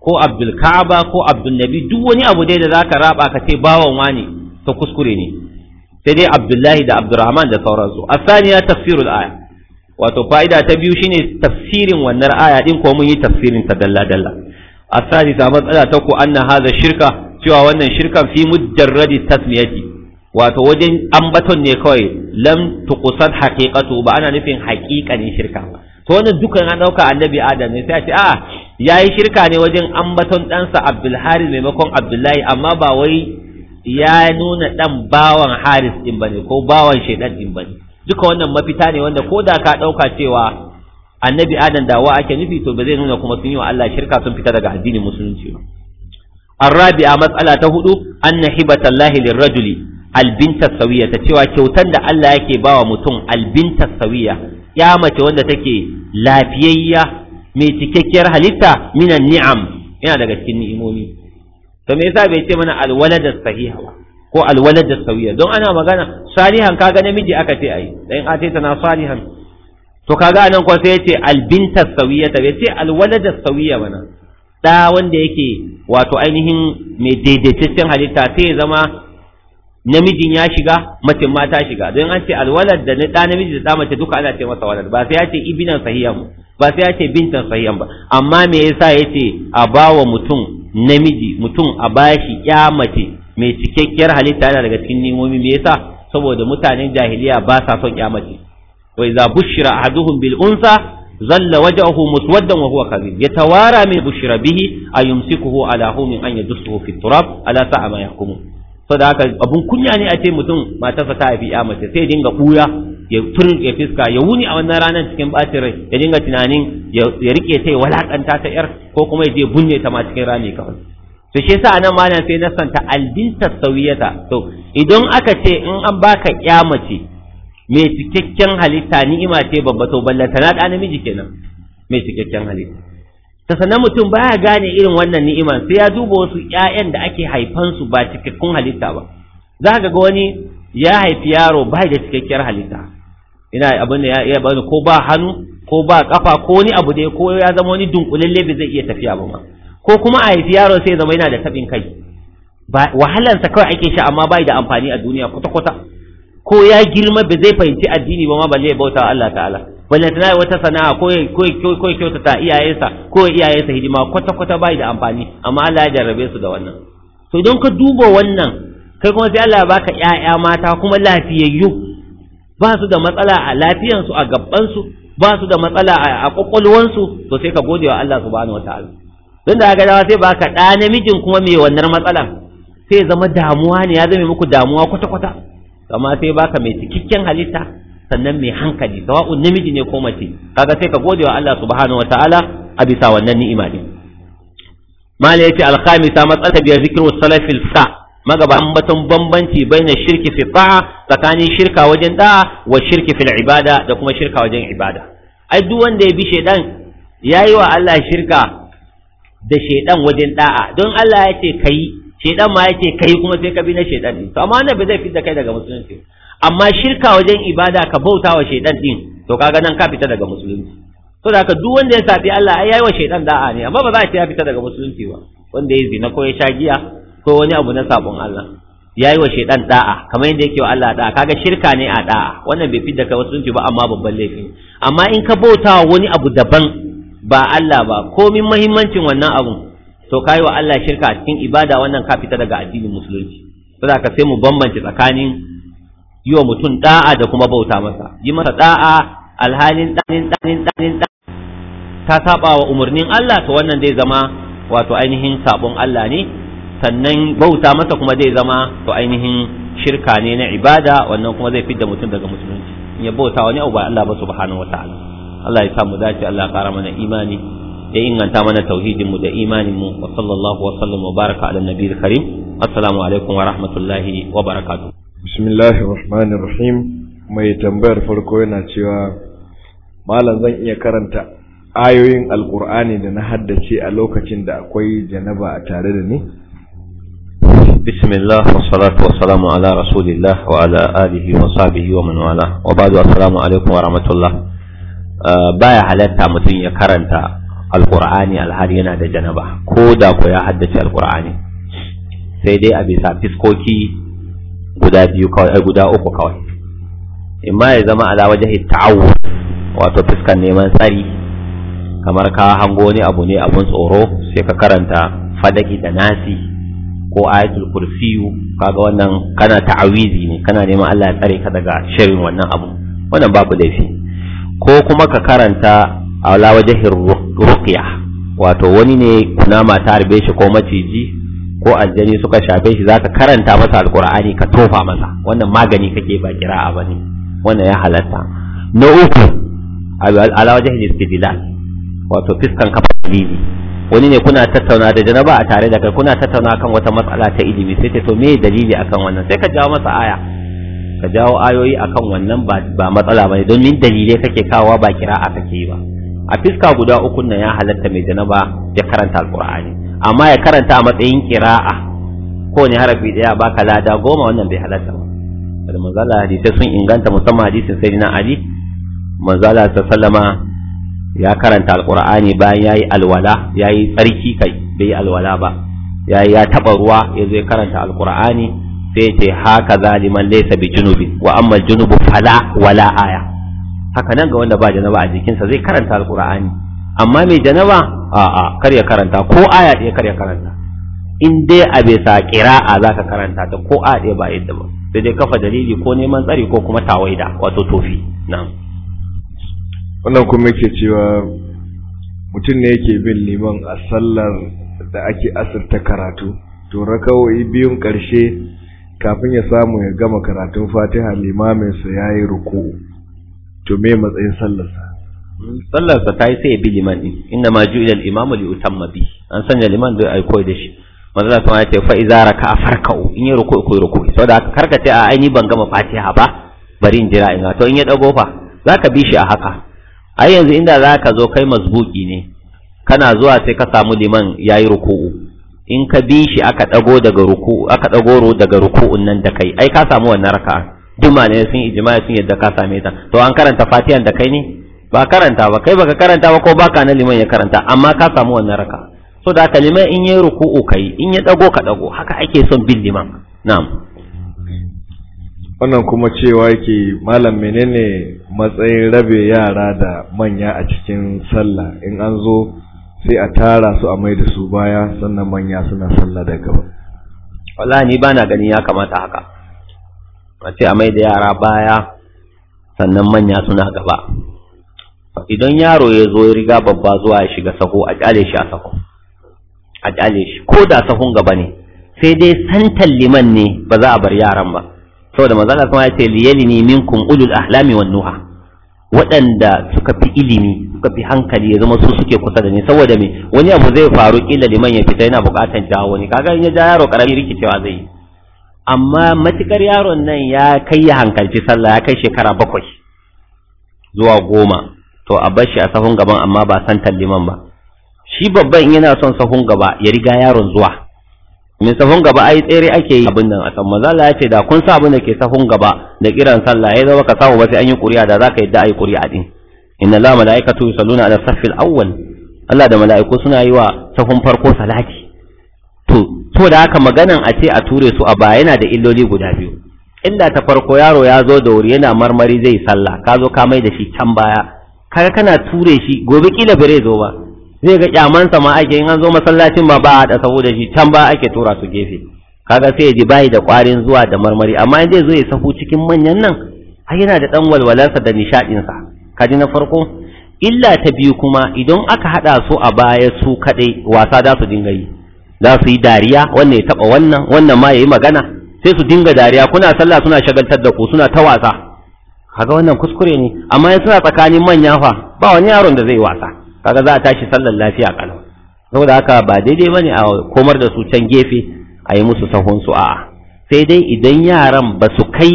ko Abdul Ka'aba ko Abdul Nabi duk wani abu dai da zaka raba ka ce bawan wani to kuskure ne sai dai Abdullahi da Abdurrahman da sauransu asaniya tafsirul aya wato fa'ida ta biyu shine tafsirin wannan aya din ko mun yi tafsirin ta dalla dalla asani ta matsala ta ko anna hadha shirka cewa wannan shirkan fi mujarradi tasmiyati wato wajen ambaton ne kawai lam tuqsad haqiqatu ba ana nufin haqiqanin shirka ba to wannan dukan an dauka annabi adam ne sai a ce a ah, yayi shirka ne wajen ambaton sa abdul haris maimakon abdullahi amma ba wai ya nuna dan bawan haris din bane ko bawan shaidan din bane duka wannan mafita ne wanda ko da ka ɗauka cewa annabi adam dawa ake nufi to ba zai nuna kuma sun yi wa Allah shirka sun fita daga addinin musulunci ba arabi'a matsala ta hudu anna hibatallahi lirajuli albinta sawiya ta cewa kyautar da Allah yake bawa mutum albinta sawiya ya mace wanda take lafiyayya mai cikakkiyar halitta minan ni'am yana daga cikin ni'imomi to me yasa bai ce mana alwalada sahiha ba ko alwalada sawiya don ana magana salihan kaga namiji aka ce ai dan ateta na salihan to kaga anan ko sai yace albinta sawiya ta bai ce alwalada sawiya bana da wanda yake wato ainihin mai daidaitaccen halitta sai ya zama namijin ya shiga mace ma ta shiga don an ce alwalad da da namiji da mace duka ana ce masa walad ba sai ya ce ibinan sahiyan ba sai ya ce bintan sahiyan ba amma me yasa yace a bawa mutum namiji mutum a bashi ya mace mai cikakkiyar halitta yana daga cikin nimomi me yasa saboda mutanen jahiliya ba sa son ya mace wa iza bushira ahaduhum bil unsa zalla wajhuhu muswaddan wa huwa kadhib yatawara min bushira bihi ayumsikuhu ala humin an yadussuhu fit turab ala sa'a ma yahkumun saboda haka abun kunya ne a ce mutum matarsa ta haifi ya mace sai dinga buya ya fur ya fiska ya wuni a wannan ranar cikin bacin rai ya dinga tunanin ya rike ta ya walakanta ta yar ko kuma ya je bunne ta ma cikin rami kawai to shi yasa anan malam sai na santa albinta sawiyata to idan aka ce in an baka ya mace mai cikakken halitta ni'ima ce babba to ballata na da namiji kenan mai cikakken halitta ta sanan mutum baya gane irin wannan ni'ima sai ya duba wasu ƴaƴan da ake haifan su ba cikakkun halitta ba za ka ga wani ya haifi yaro ba da cikakkiyar halitta ina abin da ya bani ko ba hannu ko ba kafa ko wani abu da ko ya zama wani dunkulalle bai zai iya tafiya ba ma ko kuma a haifi yaro sai zama yana da tabin kai sa kawai ake sha amma bai da amfani a duniya kwata-kwata ko ya girma bai zai fahimci addini ba ma balle ya bauta Allah ta'ala balantana wata sana'a ko ko kyautata iyayensa ko iyayensa hidima kwata kwata bai da amfani amma Allah ya jarrabe su da wannan to idan ka duba wannan kai kuma sai Allah ya baka ƴaƴa mata kuma lafiyayyu ba su da matsala a lafiyansu a gabansu ba su da matsala a su to sai ka gode wa Allah subhanahu wataala don da ga dawa sai baka ɗa namijin kuma mai wannan matsala. sai zama damuwa ne ya zame muku damuwa kwata kwata amma sai baka mai cikakken halitta sannan mai hankali sawa'un namiji ne ko mace kaga sai ka gode wa Allah subhanahu wataala a bisa wannan ni'ima din mala yace alkhamisa matsalata biyar zikru Salafi sa magaba ambaton bambanci baina shirki fi ta'a tsakanin shirka wajen da'a wa shirki fil ibada da kuma shirka wajen ibada ai duk wanda ya bi shedan yayi wa Allah shirka da shedan wajen da'a don Allah ya ce kai shedan ma ya ce kai kuma sai ka bi na shedan to amma wannan bai zai da kai daga musulunci amma shirka wajen ibada ka bauta wa shaidan din to kaga nan ka fita daga musulunci to da haka duk wanda ya sabi Allah ai yayi wa shaidan da'a ne amma ba za a ce fita daga musulunci ba wanda ya zina ko ya sha giya ko wani abu na sabon Allah yayi wa shaidan da'a kamar yadda yake wa Allah da'a kaga shirka ne a da'a wannan bai fita daga musulunci ba amma babban laifi amma in ka bauta wani abu daban ba Allah ba komin muhimmancin wannan abu to kai wa Allah shirka cikin ibada wannan ka fita daga addinin musulunci saboda ka sai mu bambance tsakanin yi wa mutum da'a da kuma bauta masa yi masa da'a alhalin ɗanin ɗanin ɗanin ta saba wa umarnin Allah to wannan zai zama wato ainihin sabon Allah ne sannan bauta masa kuma zai zama to ainihin shirka ne na ibada wannan kuma zai fidda mutum daga musulunci in ya bauta wani abu ba Allah ba subhanahu wataala Allah ya sa mu dace Allah ya kara mana imani ya inganta mana tauhidin mu da imanin mu wa sallallahu wa sallam wa baraka ala nabiyil karim assalamu alaikum wa rahmatullahi wa barakatuh bismillahi rahmanir rahim mai tambayar farko yana cewa malam zan iya karanta ayoyin alkur'ani da na haddace a lokacin da akwai janaba a tare da ni bismillah wassalatu wassalamu ala rasulillah wa ala alihi wa sahbihi wa man wala wa ba'du assalamu alaikum wa rahmatullah uh, baya halatta mutum ya karanta alkur'ani alhari yana da janaba ko da ko ya haddace alkur'ani sai dai a bisa fiskoki guda biyu kawai guda uku kawai imma ya zama ala wajahi ta'awwu wato fuskan neman tsari kamar ka hango ne abu ne abun tsoro sai ka karanta fadaki da nasi ko ayatul kursiyu kaga wannan kana ta'awizi ne kana neman Allah ya tsare ka daga shirin wannan abu wannan babu laifi ko kuma ka karanta ala wajahi ruqya wato wani ne kunama ta harbe shi ko maciji ko aljani suka shafe shi zaka karanta masa alqur'ani ka tofa masa wannan magani kake ba kira'a bane wannan ya halatta na uku ala wajhi istidlal wato fiskan kafa dalili wani ne kuna tattauna da janaba a tare da kai kuna tattauna kan wata matsala ta ilimi sai ta to me dalili akan wannan sai ka jawo masa aya ka jawo ayoyi akan wannan ba matsala bane don min dalilai kake kawo ba kira'a kake yi ba a fiska guda uku nan ya halatta mai janaba ya karanta alqur'ani amma ya karanta a matsayin kira'a ko ne harafi daya baka lada goma wannan bai halatta ba da manzala hadisai sun inganta musamman hadisin na ali manzala ta sallama ya karanta alqur'ani bayan yayi alwala yayi tsarki kai bai alwala ba yayi ya taba ruwa yazo ya karanta alqur'ani sai ce haka zaliman laysa bi junubi wa amma junubu fala wala aya haka nan ga wanda ba janaba a jikinsa zai karanta alqur'ani amma mai janaba a'a kar ya karanta ko aya ɗaya kar karanta in dai a bai sa a za ka karanta ta ko aya ɗaya ba yadda ba sai dai kafa dalili ko neman tsari ko kuma tawaida wato tofi na'am wannan kuma yake cewa mutum ne yake bin liman a sallar da ake asirta karatu to rakawai biyun ƙarshe kafin ya samu ya gama karatun fatiha limaminsa ya yi ruku to me matsayin sallarsa sallar ta yi sai ya bi liman din inna ma ila al imam li utamma bi an sanya liman da ai koyi da shi manzo Allah kuma ya ce fa iza raka farka'u in yi ruku ko ruku saboda haka karkace a ai ni ban gama fatiha ba bari in jira ina to in ya dago fa zaka bi shi a haka ai yanzu inda zaka zo kai mazbuki ne kana zuwa sai ka samu liman yayi ruku'u in ka bi shi aka dago daga ruku aka dago daga ruku'un nan da kai ai ka samu wannan raka'a Duma ne sun ijma'i sun yadda ka same ta to an karanta fatihan da kai ne ba karanta ba kai baka karanta ba ko baka na liman ya karanta amma ka samu wannan raka so da haka liman in yayi ruku'u kai in ya dago ka dago haka ake son bin liman na'am wannan kuma cewa yake malam menene matsayin rabe yara da manya a cikin sallah in an zo sai a tara su a mai da su baya sannan manya suna sallah da gaba wallahi ni na ganin ya kamata haka a ce a mai da yara baya sannan manya suna gaba idan yaro ya zo ya riga babba zuwa ya shiga sako, a kyale shi a sako a kyale shi ko da sahun gaba ne sai dai santan liman ne ba za a bar yaran ba saboda manzala kuma ya ce liyalini minkum ulul ahlami wan nuha waɗanda suka fi ilimi suka fi hankali ya zama su suke kusa da ni saboda me wani abu zai faru kila liman ya fita yana buƙatar jawo wani kaga in ya ja yaro karami rikicewa zai yi amma matukar yaron nan ya kai ya hankalci sallah ya kai shekara bakwai zuwa goma to a bar shi a sahun gaban amma ba san talliman ba shi babban in yana son sahun gaba ya riga yaron zuwa min sahun gaba ai tsere ake yi abin nan a san mazala ya ce da kun sa abin da ke sahun gaba da kiran sallah ya zama ka samu ba sai an yi ƙuri'a da za ka da a yi ƙuri'a din inna la mala'ikatu yusalluna ala safil awwal Allah da mala'iku suna yi wa sahun farko salati to to da haka maganan a ce a ture su a ba yana da illoli guda biyu Inda ta farko yaro ya zo da wuri yana marmari zai sallah ka zo ka mai da shi can baya kaga kana ture shi gobe kila bare zo ba zai ga kyamansa ma ake in an zo masallacin ma ba a da saboda shi can ba ake tura su gefe kaga sai ya ji bayi da kwarin zuwa da marmari amma in zai zo ya sahu cikin manyan nan ai yana da ɗan walwalarsa da sa kaji na farko illa ta biyu kuma idan aka hada su a baya su kaɗai wasa za su dinga yi za su yi dariya wannan ya taɓa wannan wannan ma ya magana sai su dinga dariya kuna sallah suna shagaltar da ku suna ta wasa kaga wannan kuskure ne amma suna tsakanin manya fa ba wani yaron da zai wasa kaga za a tashi sallar lafiya kalau saboda haka ba daidai bane a komar da su can gefe a yi musu sahun su a'a sai dai idan yaran ba su kai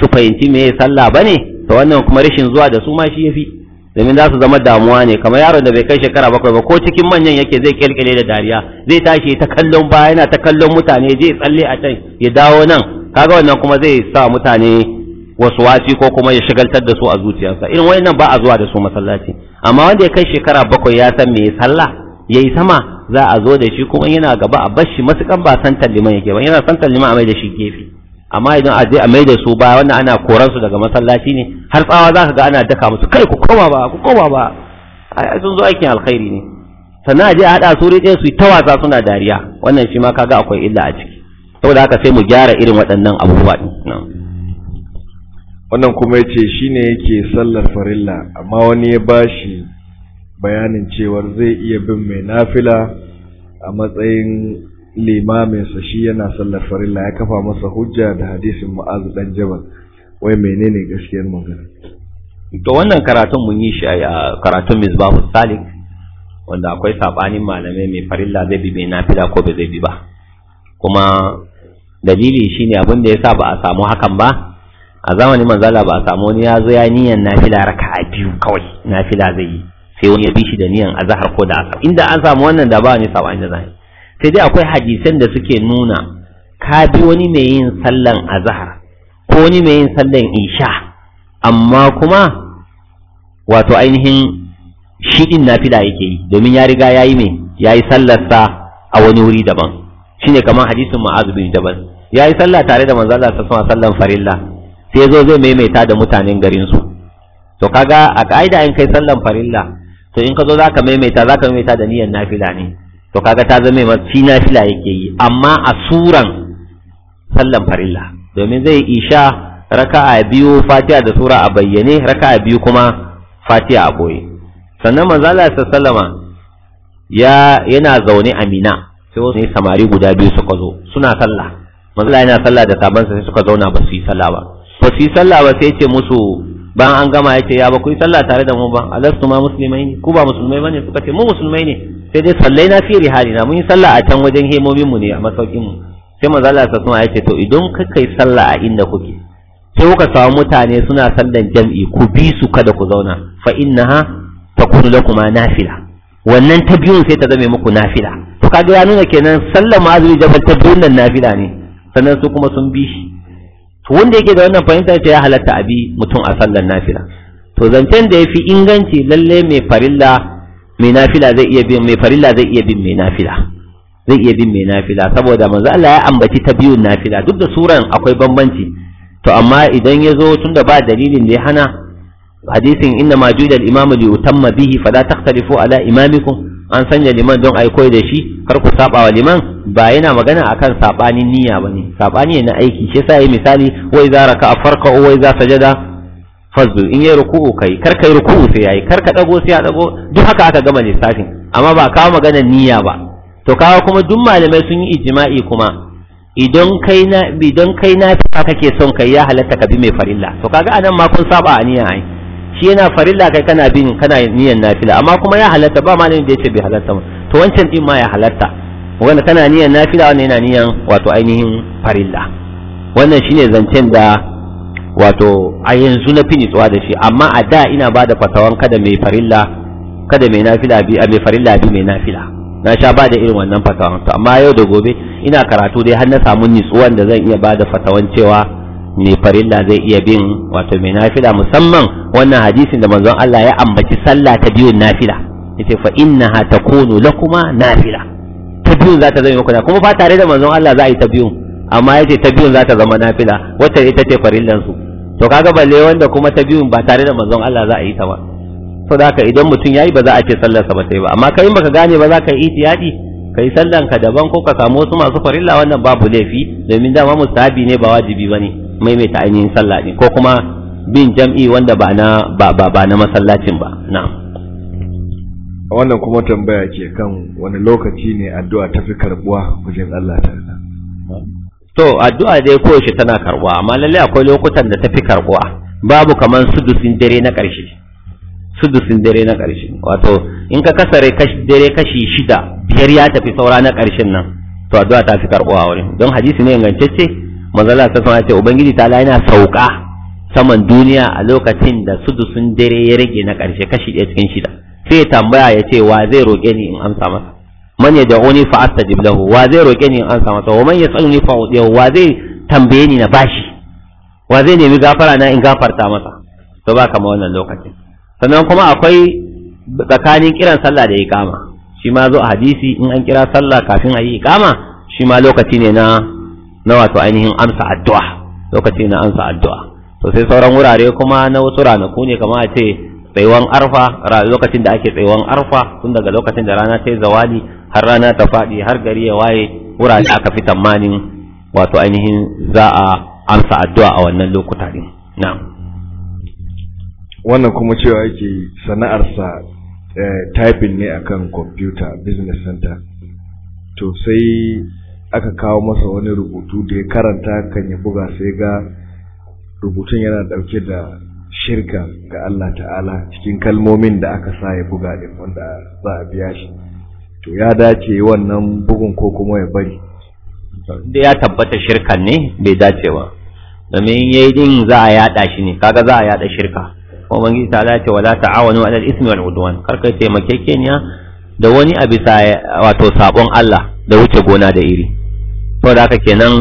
su fahimci me sallah bane to wannan kuma rashin zuwa da su ma shi yafi domin za su zama damuwa ne kamar yaron da bai kai shekara bakwai ba ko cikin manyan yake zai kyalkyale da dariya zai tashi ta kallon baya yana ta kallon mutane zai tsalle a can ya dawo nan kaga wannan kuma zai sa mutane wasu wasi ko kuma ya shigaltar da su a zuciyarsa irin wani nan ba a zuwa da su masallaci amma wanda ya kai shekara bakwai ya san me ya sallah yayi sama za a zo da shi kuma yana gaba a bashi kan ba san talliman yake ba yana san talliman a mai da shi gefe amma idan a je a mai da su ba wannan ana koran su daga masallaci ne har tsawa za ka ga ana daka musu kai ku koma ba ku koma ba sun zo aikin alkhairi ne sannan a je a haɗa su ɗaya su yi ta wasa suna dariya wannan shi ma kaga akwai illa a ciki saboda haka sai mu gyara irin waɗannan abubuwa ɗin wannan kuma ya ce shi ne yake sallar farilla amma wani ya ba shi bayanin cewar zai iya bin mai nafila a matsayin limaminsa shi yana sallar farilla ya kafa masa hujja da hadisin ma'azu dan jabal wai menene gaskiyar magana To wannan karatun mun yi shi a karatun misbahu salik wanda akwai sabanin malamai mai farilla zai bi mai nafila ko bai zai bi ba kuma dalili shine abin da yasa ba a samu hakan ba a zamanin manzala ba a samu wani ya zo ya niyan nafila a biyu kawai nafila zai yi sai wani ya bi shi da niyan azhar ko da asar inda an samu wannan da ba wani sabani da zai sai dai akwai hadisan da suke nuna ka bi wani mai yin sallan azhar ko wani mai yin sallan isha amma kuma wato ainihin shi din nafila yake yi domin ya riga yayi mai yayi sallarsa a wani wuri daban shine kamar hadisin ma'azubi bin jabal yayi sallah tare da manzo Allah sallallahu alaihi wasallam farilla sai zo zai maimaita da mutanen garin su to kaga a ka'ida in kai sallan farilla to in ka zo za ka maimaita za ka maimaita da niyyar nafila ne to kaga ta zama mai shi nafila yake yi amma a suran sallan farilla domin zai isha raka'a biyu fatiha da sura a bayyane raka'a biyu kuma fatiha a boye sannan manzala sallama ya yana zaune a mina sai wasu samari guda biyu suka zo suna sallah Allah yana sallah da sabansa sai suka zauna ba su yi sallah ba ba su yi sallah ba sai ce musu ba an gama ya ce ya ba ku yi sallah tare da mu ba alastu ma musulmai ne ku ba musulmai bane suka ce mu musulmai ne sai dai sallai na fi na mun yi sallah a can wajen hemomin mu ne a masaukin mu sai manzo Allah sa ya ce to idan ka kai sallah a inda kuke sai kuka samu mutane suna sallan jam'i ku bi su kada ku zauna fa innaha takunu lakuma nafila wannan ta biyun sai ta zame muku nafila to kaga ya nuna kenan sallar ma'azuri jabal ta biyun nan nafila ne sannan su kuma sun bi shi to wanda yake da wannan fahimta ce ya halatta abi mutum a sallar nafila to zancen da yafi inganci lalle mai farilla mai nafila zai iya bin mai farilla zai iya bin mai nafila zai iya bin mai nafila saboda manzo Allah ya ambaci ta biyun nafila duk da suran akwai bambanci to amma idan ya zo tunda ba dalilin da ya hana hadisin inna ma ju'ila imamu li utamma bihi fala taqtalifu ala imamikum an sanya liman don a yi koyi da shi kar ku saba wa liman ba yana magana akan sabanin niyya bane sabani na aiki shi yasa yi misali wai za raka farka wai za sajada fazdu in yayi ruku'u kai kar kai ruku'u sai yayi kar ka dago sai ya dago duk haka aka gama lissafin amma ba kawo magana niyya ba to kawo kuma duk malamai sun yi ijma'i kuma idan kai na idan kai na kake son kai ya halatta ka bi mai farilla to kaga anan ma kun saba niyya ai shi yana farilla kai kana bin kana niyan nafila amma kuma ya halatta ba malamin da yace bai halatta to wancan din ma ya halatta wanda kana niyan nafila wannan yana niyan wato ainihin farilla wannan shine zancen da wato a yanzu na fi nitsuwa da shi amma a da ina ba da fatawan kada mai farilla kada mai nafila bi a mai farilla bi mai nafila na sha ba da irin wannan fatawan to amma yau da gobe ina karatu dai har na samu nitsuwan da zan iya ba da fatawan cewa ne farilla zai iya bin wato mai nafila musamman wannan hadisin da manzon Allah ya ambaci sallah ta biyun nafila yace fa innaha takunu lakuma nafila ta biyun za ta zama muku kuma fa tare da manzon Allah za a yi ta biyun amma yace ta biyun za ta zama nafila wata ita ce farillan su to kaga balle wanda kuma ta biyun ba tare da manzon Allah za a yi ta ba to da haka idan mutum yayi ba za a ce sallar sa ba ta yi ba amma kai in baka gane ba za ka yi ihtiyadi kai sallan ka daban ko ka samu wasu masu farilla wannan babu laifi domin dama mustahabi ne ba wajibi bane maimaita ainihin sallah ne ko kuma bin jam'i wanda ba na ba ba ba na masallacin ba na. wannan kuma tambaya ke kan wani lokaci ne addu'a ta fi karbuwa wajen Allah ta to addu'a dai shi tana karbuwa amma lalle akwai lokutan da ta fi karbuwa babu kaman sudusin dare na ƙarshe sudusin dare na ƙarshe wato in ka kasare dare kashi shida biyar ya tafi saura na ƙarshen nan to addu'a ta fi karbuwa wurin don hadisi ne ingantacce manzala ta sama ce ubangiji ta yana sauka saman duniya a lokacin da sun dare ya rage na ƙarshe kashi ɗaya cikin shida sai ya tambaya ya ce wa zai roƙe ni in amsa masa man ya da'uni fa astajib lahu wa zai roƙe ni in amsa masa wa man yasaluni fa udiyahu wa zai tambaye ni na bashi wa zai nemi gafara na in gafarta masa to ba kama wannan lokacin sannan kuma akwai tsakanin kiran sallah da iqama shi ma zo a hadisi in an kira sallah kafin a yi iqama shi ma lokaci ne na na wato ainihin amsa addu'a lokaci na amsa addu'a to sauran wurare kuma na wasu ranaku ne kamar a ce tsaiwan arfa lokacin da ake tsaiwan arfa tun daga lokacin da rana ta yi zawali har rana ta faɗi har gari ya waye wurare aka fi tamanin wato ainihin za a amsa addu'a a wannan lokuta din wannan kuma cewa yake sana'arsa eh, typing ne akan computer business center to sai aka kawo masa wani rubutu da ya karanta kan ya buga sai ga rubutun yana ɗauke da shirka ga Allah ta'ala cikin kalmomin da aka sa ya buga din wanda za a biya shi to ya dace wannan bugun ko kuma ya bari da ya tabbata shirkan ne bai dace ba domin yayi din za a yada shi ne kaga za a yada shirka kuma bangi ta ce wala ta'awanu al ismi wal udwan kar kai taimakekeniya da wani a bisa wato sabon Allah da wuce gona da iri saboda haka kenan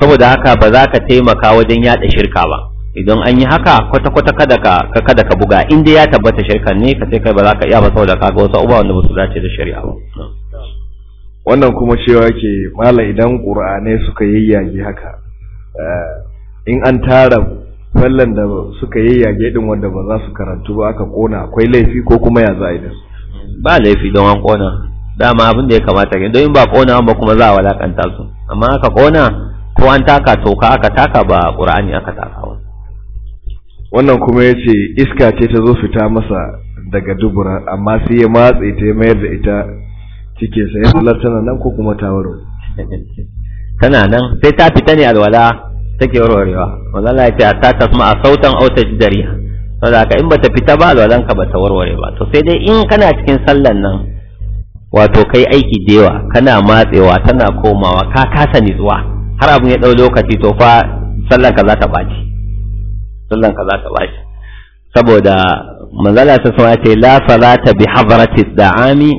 saboda haka ba za ka taimaka wajen yada shirka ba idan an yi haka kwata-kwata kada ka kada ka buga inda ya tabbata shirka ne ka sai kai ba za ka iya ba saboda kaga wasu uba wanda ba su dace da shari'a ba wannan kuma cewa ke mala idan qur'ane suka yayyage haka eh, in an tara sallan da suka yayyage din wanda ba za su karantu ba aka kona akwai laifi ko kuma ya za a yi da su ba laifi don an kona dama abin da ya kamata ne don ba kona ba kuma za a walakanta su amma aka kona ko an taka toka aka taka ba qur'ani aka taka wa wannan kuma yace iska ce ta zo fita masa daga dubura amma sai ya matse ta mayar da ita cike sa ya tana nan ko kuma ta waro [LAUGHS] tana nan sai ta fita ne alwala take warwarewa wallahi ta ta tasma sautan autaj jidariya saboda haka in bata fita ba alwalan ka bata warware ba to sai dai in kana cikin sallan nan wato kai aiki dewa kana matsewa tana komawa ka kasa nitsuwa har abun ya dau lokaci to fa sallan ka za ta baci sallan ka za ta baci saboda manzala ta sama ce la salata bi hadrati da'ami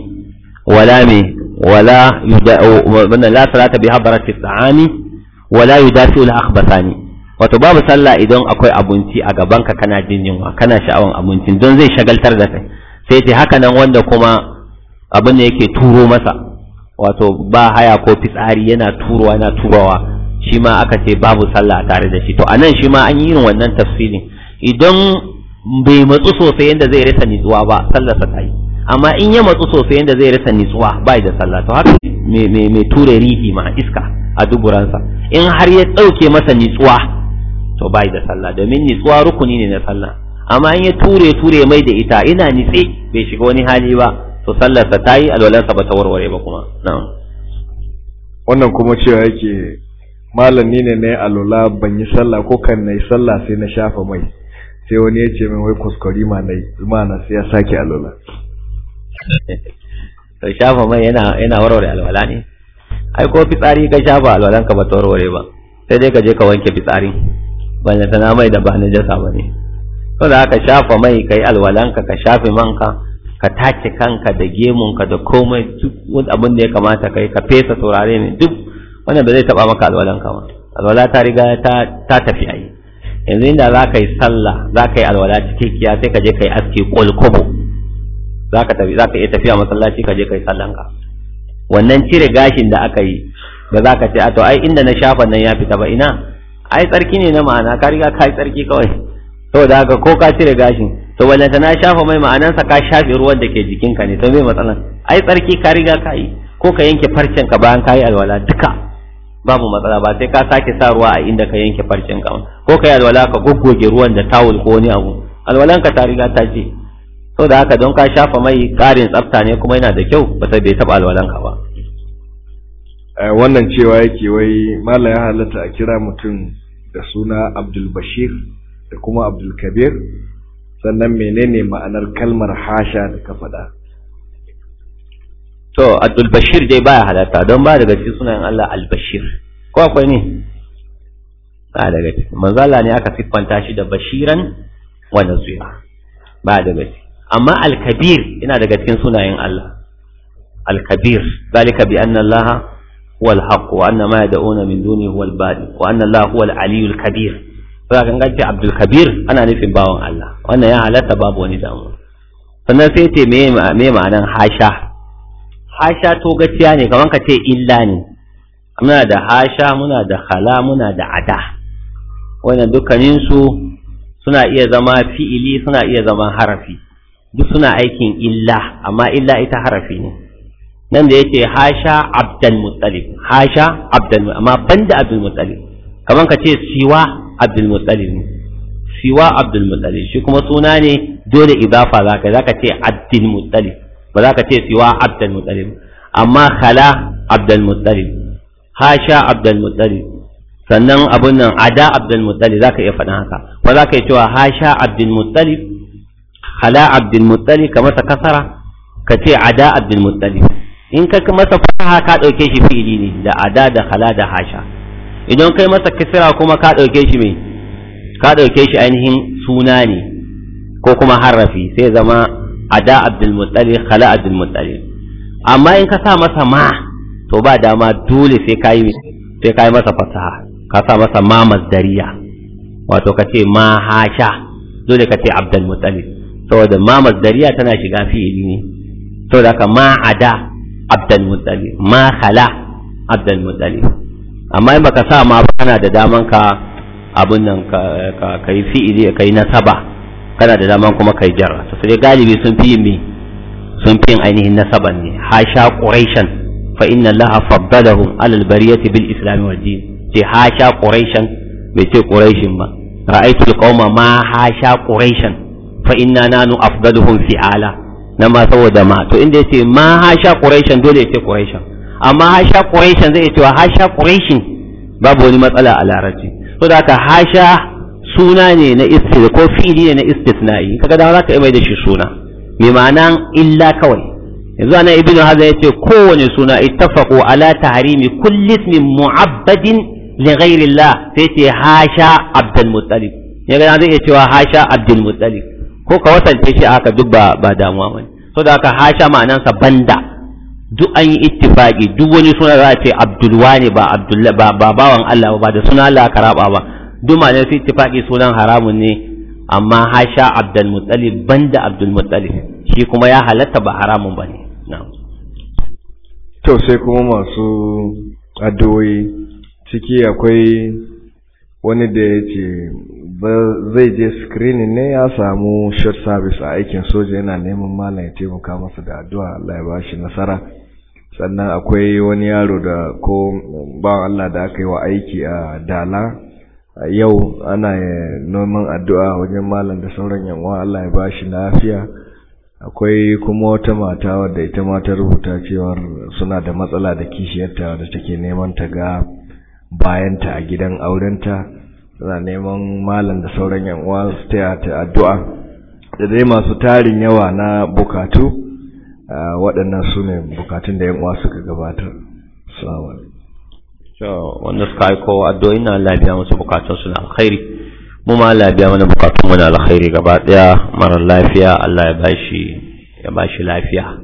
wala mi wala yuda la salata bi hadrati da'ami wala yudafi al akhbathani wato babu sallah idan akwai abinci a gabanka kana jin yunwa kana sha'awan abinci, don zai shagaltar da kai sai ce haka nan wanda kuma abin da yake turo masa wato ba haya ko fitsari yana turowa yana turowa shi ma aka ce babu sallah tare da shi to anan shi ma an yi irin wannan tafsirin idan bai matsu sosai yadda zai rasa nitsuwa ba sallar sa tayi amma in ya matsu sosai yadda zai rasa nitsuwa ba da sallah to haka me me ture rihi ma iska a duburansa in har ya ɗauke masa nitsuwa to bai da sallah domin nitsuwa rukuni ne na sallah amma in ya ture ture mai da ita ina nitse bai shiga wani hali ba to sallarsa ta yi alwalansa ba ta warware ba kuma na'am wannan kuma cewa yake malam ni ne na yi alwala ban yi sallah ko kan na yi sallah sai na shafa mai sai wani ya ce min wai kuskuri ma na ma na sai ya sake alwala [LAUGHS] to shafa mai yana yana warware alwala ne ai ko fitsari ka shafa alwalan ka ba ta warware ba sai dai ka je ka wanke fitsarin sana mai da ba na jasa ba ne saboda haka shafa mai kai alwalanka ka shafe manka ka tace kanka da gemunka da komai duk wani abin da ya kamata kai ka fesa saurare ne duk wannan ba zai taba maka alwalanka ba alwala ta riga ta tafi yi. yanzu inda za ka yi sallah za ka yi alwala cikakkiya sai ka je ka yi aski kobo. za ka tafi za ka iya tafiya masallaci ka je ka yi sallanka wannan cire gashin da aka yi ba za ka ce a to ai inda na shafa nan ya fita ba ina ai tsarki ne na ma'ana ka riga ka yi tsarki kawai saboda haka ko ka cire gashin to wallanta na shafa mai ma'anansa ka shafe ruwan da ke jikinka ne to me matsalan ai tsarki ka riga ka yi ko ka yanke farcen ka bayan ka yi alwala duka babu matsala ba sai ka sake sa ruwa a inda ka yanke farcen ka ko ka yi alwala ka goggoge ruwan da tawul ko wani abu alwalan ka ta riga ta ce saboda haka don ka shafa mai karin tsafta ne kuma yana da kyau ba sai bai taba alwalan ka ba eh, wannan cewa yake wai mala ya halatta a kira mutum da suna Abdul Bashir da kuma Abdul Kabir sannan menene ma'anar kalmar hasha da ka faɗa to Abdul Bashir dai baya halatta don ba daga cikin sunayen Allah Al Bashir ko akwai ne ba daga cikin manzala ne aka siffanta shi da bashiran wa nazira ba daga cikin amma Al Kabir yana daga cikin sunayen Allah Al Kabir zalika bi anna Allah wal haqq wa anna ma yad'una min duni huwa al ba'd wa anna allaha huwa al ali kabir fa ga abdul kabir ana nufin bawan allah wannan ya halata babu wani da sannan sai me me ma'anan hasha hasha to ne kaman ka ce illa ne muna da hasha muna da khala muna da ada wannan dukkanin suna iya zama fi'ili suna iya zaman harafi. duk suna aikin illa amma illa ita harafi ne nan da yake hasha abdul muttalib hasha abdul amma banda abdul muttalib kaman ka ce siwa abdul muttalib siwa abdul muttalib shi kuma suna ne dole idafa zaka zaka ce abdul muttalib ba zaka ce siwa abdul muttalib amma khala abdul muttalib hasha abdul muttalib sannan abun nan ada abdul muttalib zaka iya faɗin haka ba zaka iya cewa hasha abdul muttalib khala abdul muttalib kamar ta kasara ka ce ada abdul muttalib in ka masa fasaha ka ɗauke shi fi'ili ne da ada da kala da hasha idan kai masa kisra kuma ka ɗauke shi mai ka ɗauke shi ainihin suna ne ko kuma harafi sai zama ada abdulmutsali muttalib abdulmutsali amma in ka sa masa ma to ba dama dole sai ka yi sai ka yi masa fasaha ka sa masa ma mazdariya wato ka ce ma hasha dole ka ce abdulmutsali saboda ma mazdariya tana shiga fi'ili ne saboda ka ma ada abdul muttalib ma khala abdul amma in baka sa ma kana da daman ka abin nan ka kai fi'ili yi nasaba kana da daman kuma kai jarra to sai galibi sun fi yin sun fi ainihin nasaban ne hasha quraishan fa inna allaha faddalahum ala albariyati bil islam wal din ce hasha quraishan bai ce quraishin ba ra'aytu alqauma ma hasha quraishan fa inna nanu afdaluhum fi'ala na ma saboda ma to inda yace ma hasha quraishan dole ce quraishan amma hasha quraishan zai cewa hasha quraishin babu wani matsala a larabci to da hasha suna ne na istisna ko fi'li ne na istisna'i kaga da zaka mai da shi suna mai ma'ana illa kawai yanzu ana ibnu hazan yace kowane suna ittafaqu ala tahrimi kulli ismin mu'abbadin li ghairillah sai ce hasha abdul muttalib yaga zai iya cewa hasha abdul muttalib ko ka wasance shi aka duk ba ba damuwa bane so da haka hasha ma'anansa banda duk an yi ittifaqi duk wani suna za a ce abdulwani ba abdullah ba ba bawan Allah ba da suna Allah raba ba duk ma'anar su ittifaqi sunan haramun ne amma hasha abdul muttalib banda abdul muttalib shi kuma ya halatta ba haramun bane na'am to sai kuma masu addu'o'i ciki akwai wani da ya ce zai je screening ne ya samu short service a aikin soja yana neman malam ya taimaka masa da addu'a Allah ya ba shi nasara sannan akwai wani yaro da ko ba Allah da aka yi wa aiki a dala yau ana neman addu'a wajen malam da sauran yanwa Allah ya ba shi lafiya akwai kuma wata mata wadda ita ma ta rubuta cewa suna da matsala da kishiyarta da take neman ta ga bayanta a gidan aurenta suna neman malam da sauran yan uwa su taya ta addu'a da dai masu tarin yawa na bukatu waɗannan su ne bukatun da yan uwa suka gabatar wanda suka aiko addu'o'i na lafiya musu bukatun suna alkhairi mu ma lafiya mana bukatun mu na alkhairi gaba ɗaya mara lafiya Allah ya bashi ya bashi lafiya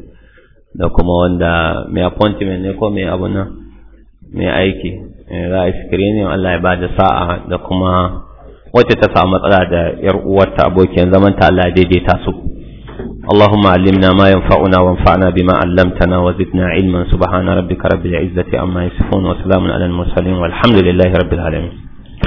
da kuma wanda mai appointment ne ko mai abu nan mai aiki za a screening Allah ya ba da sa'a da kuma wacce ta samu matsala da yar uwarta abokin zaman ta Allah daidaita su اللهم علمنا ما ينفعنا وانفعنا بما علمتنا وزدنا علما سبحان ربك رب العزة عما يصفون وسلام على المرسلين والحمد لله رب العالمين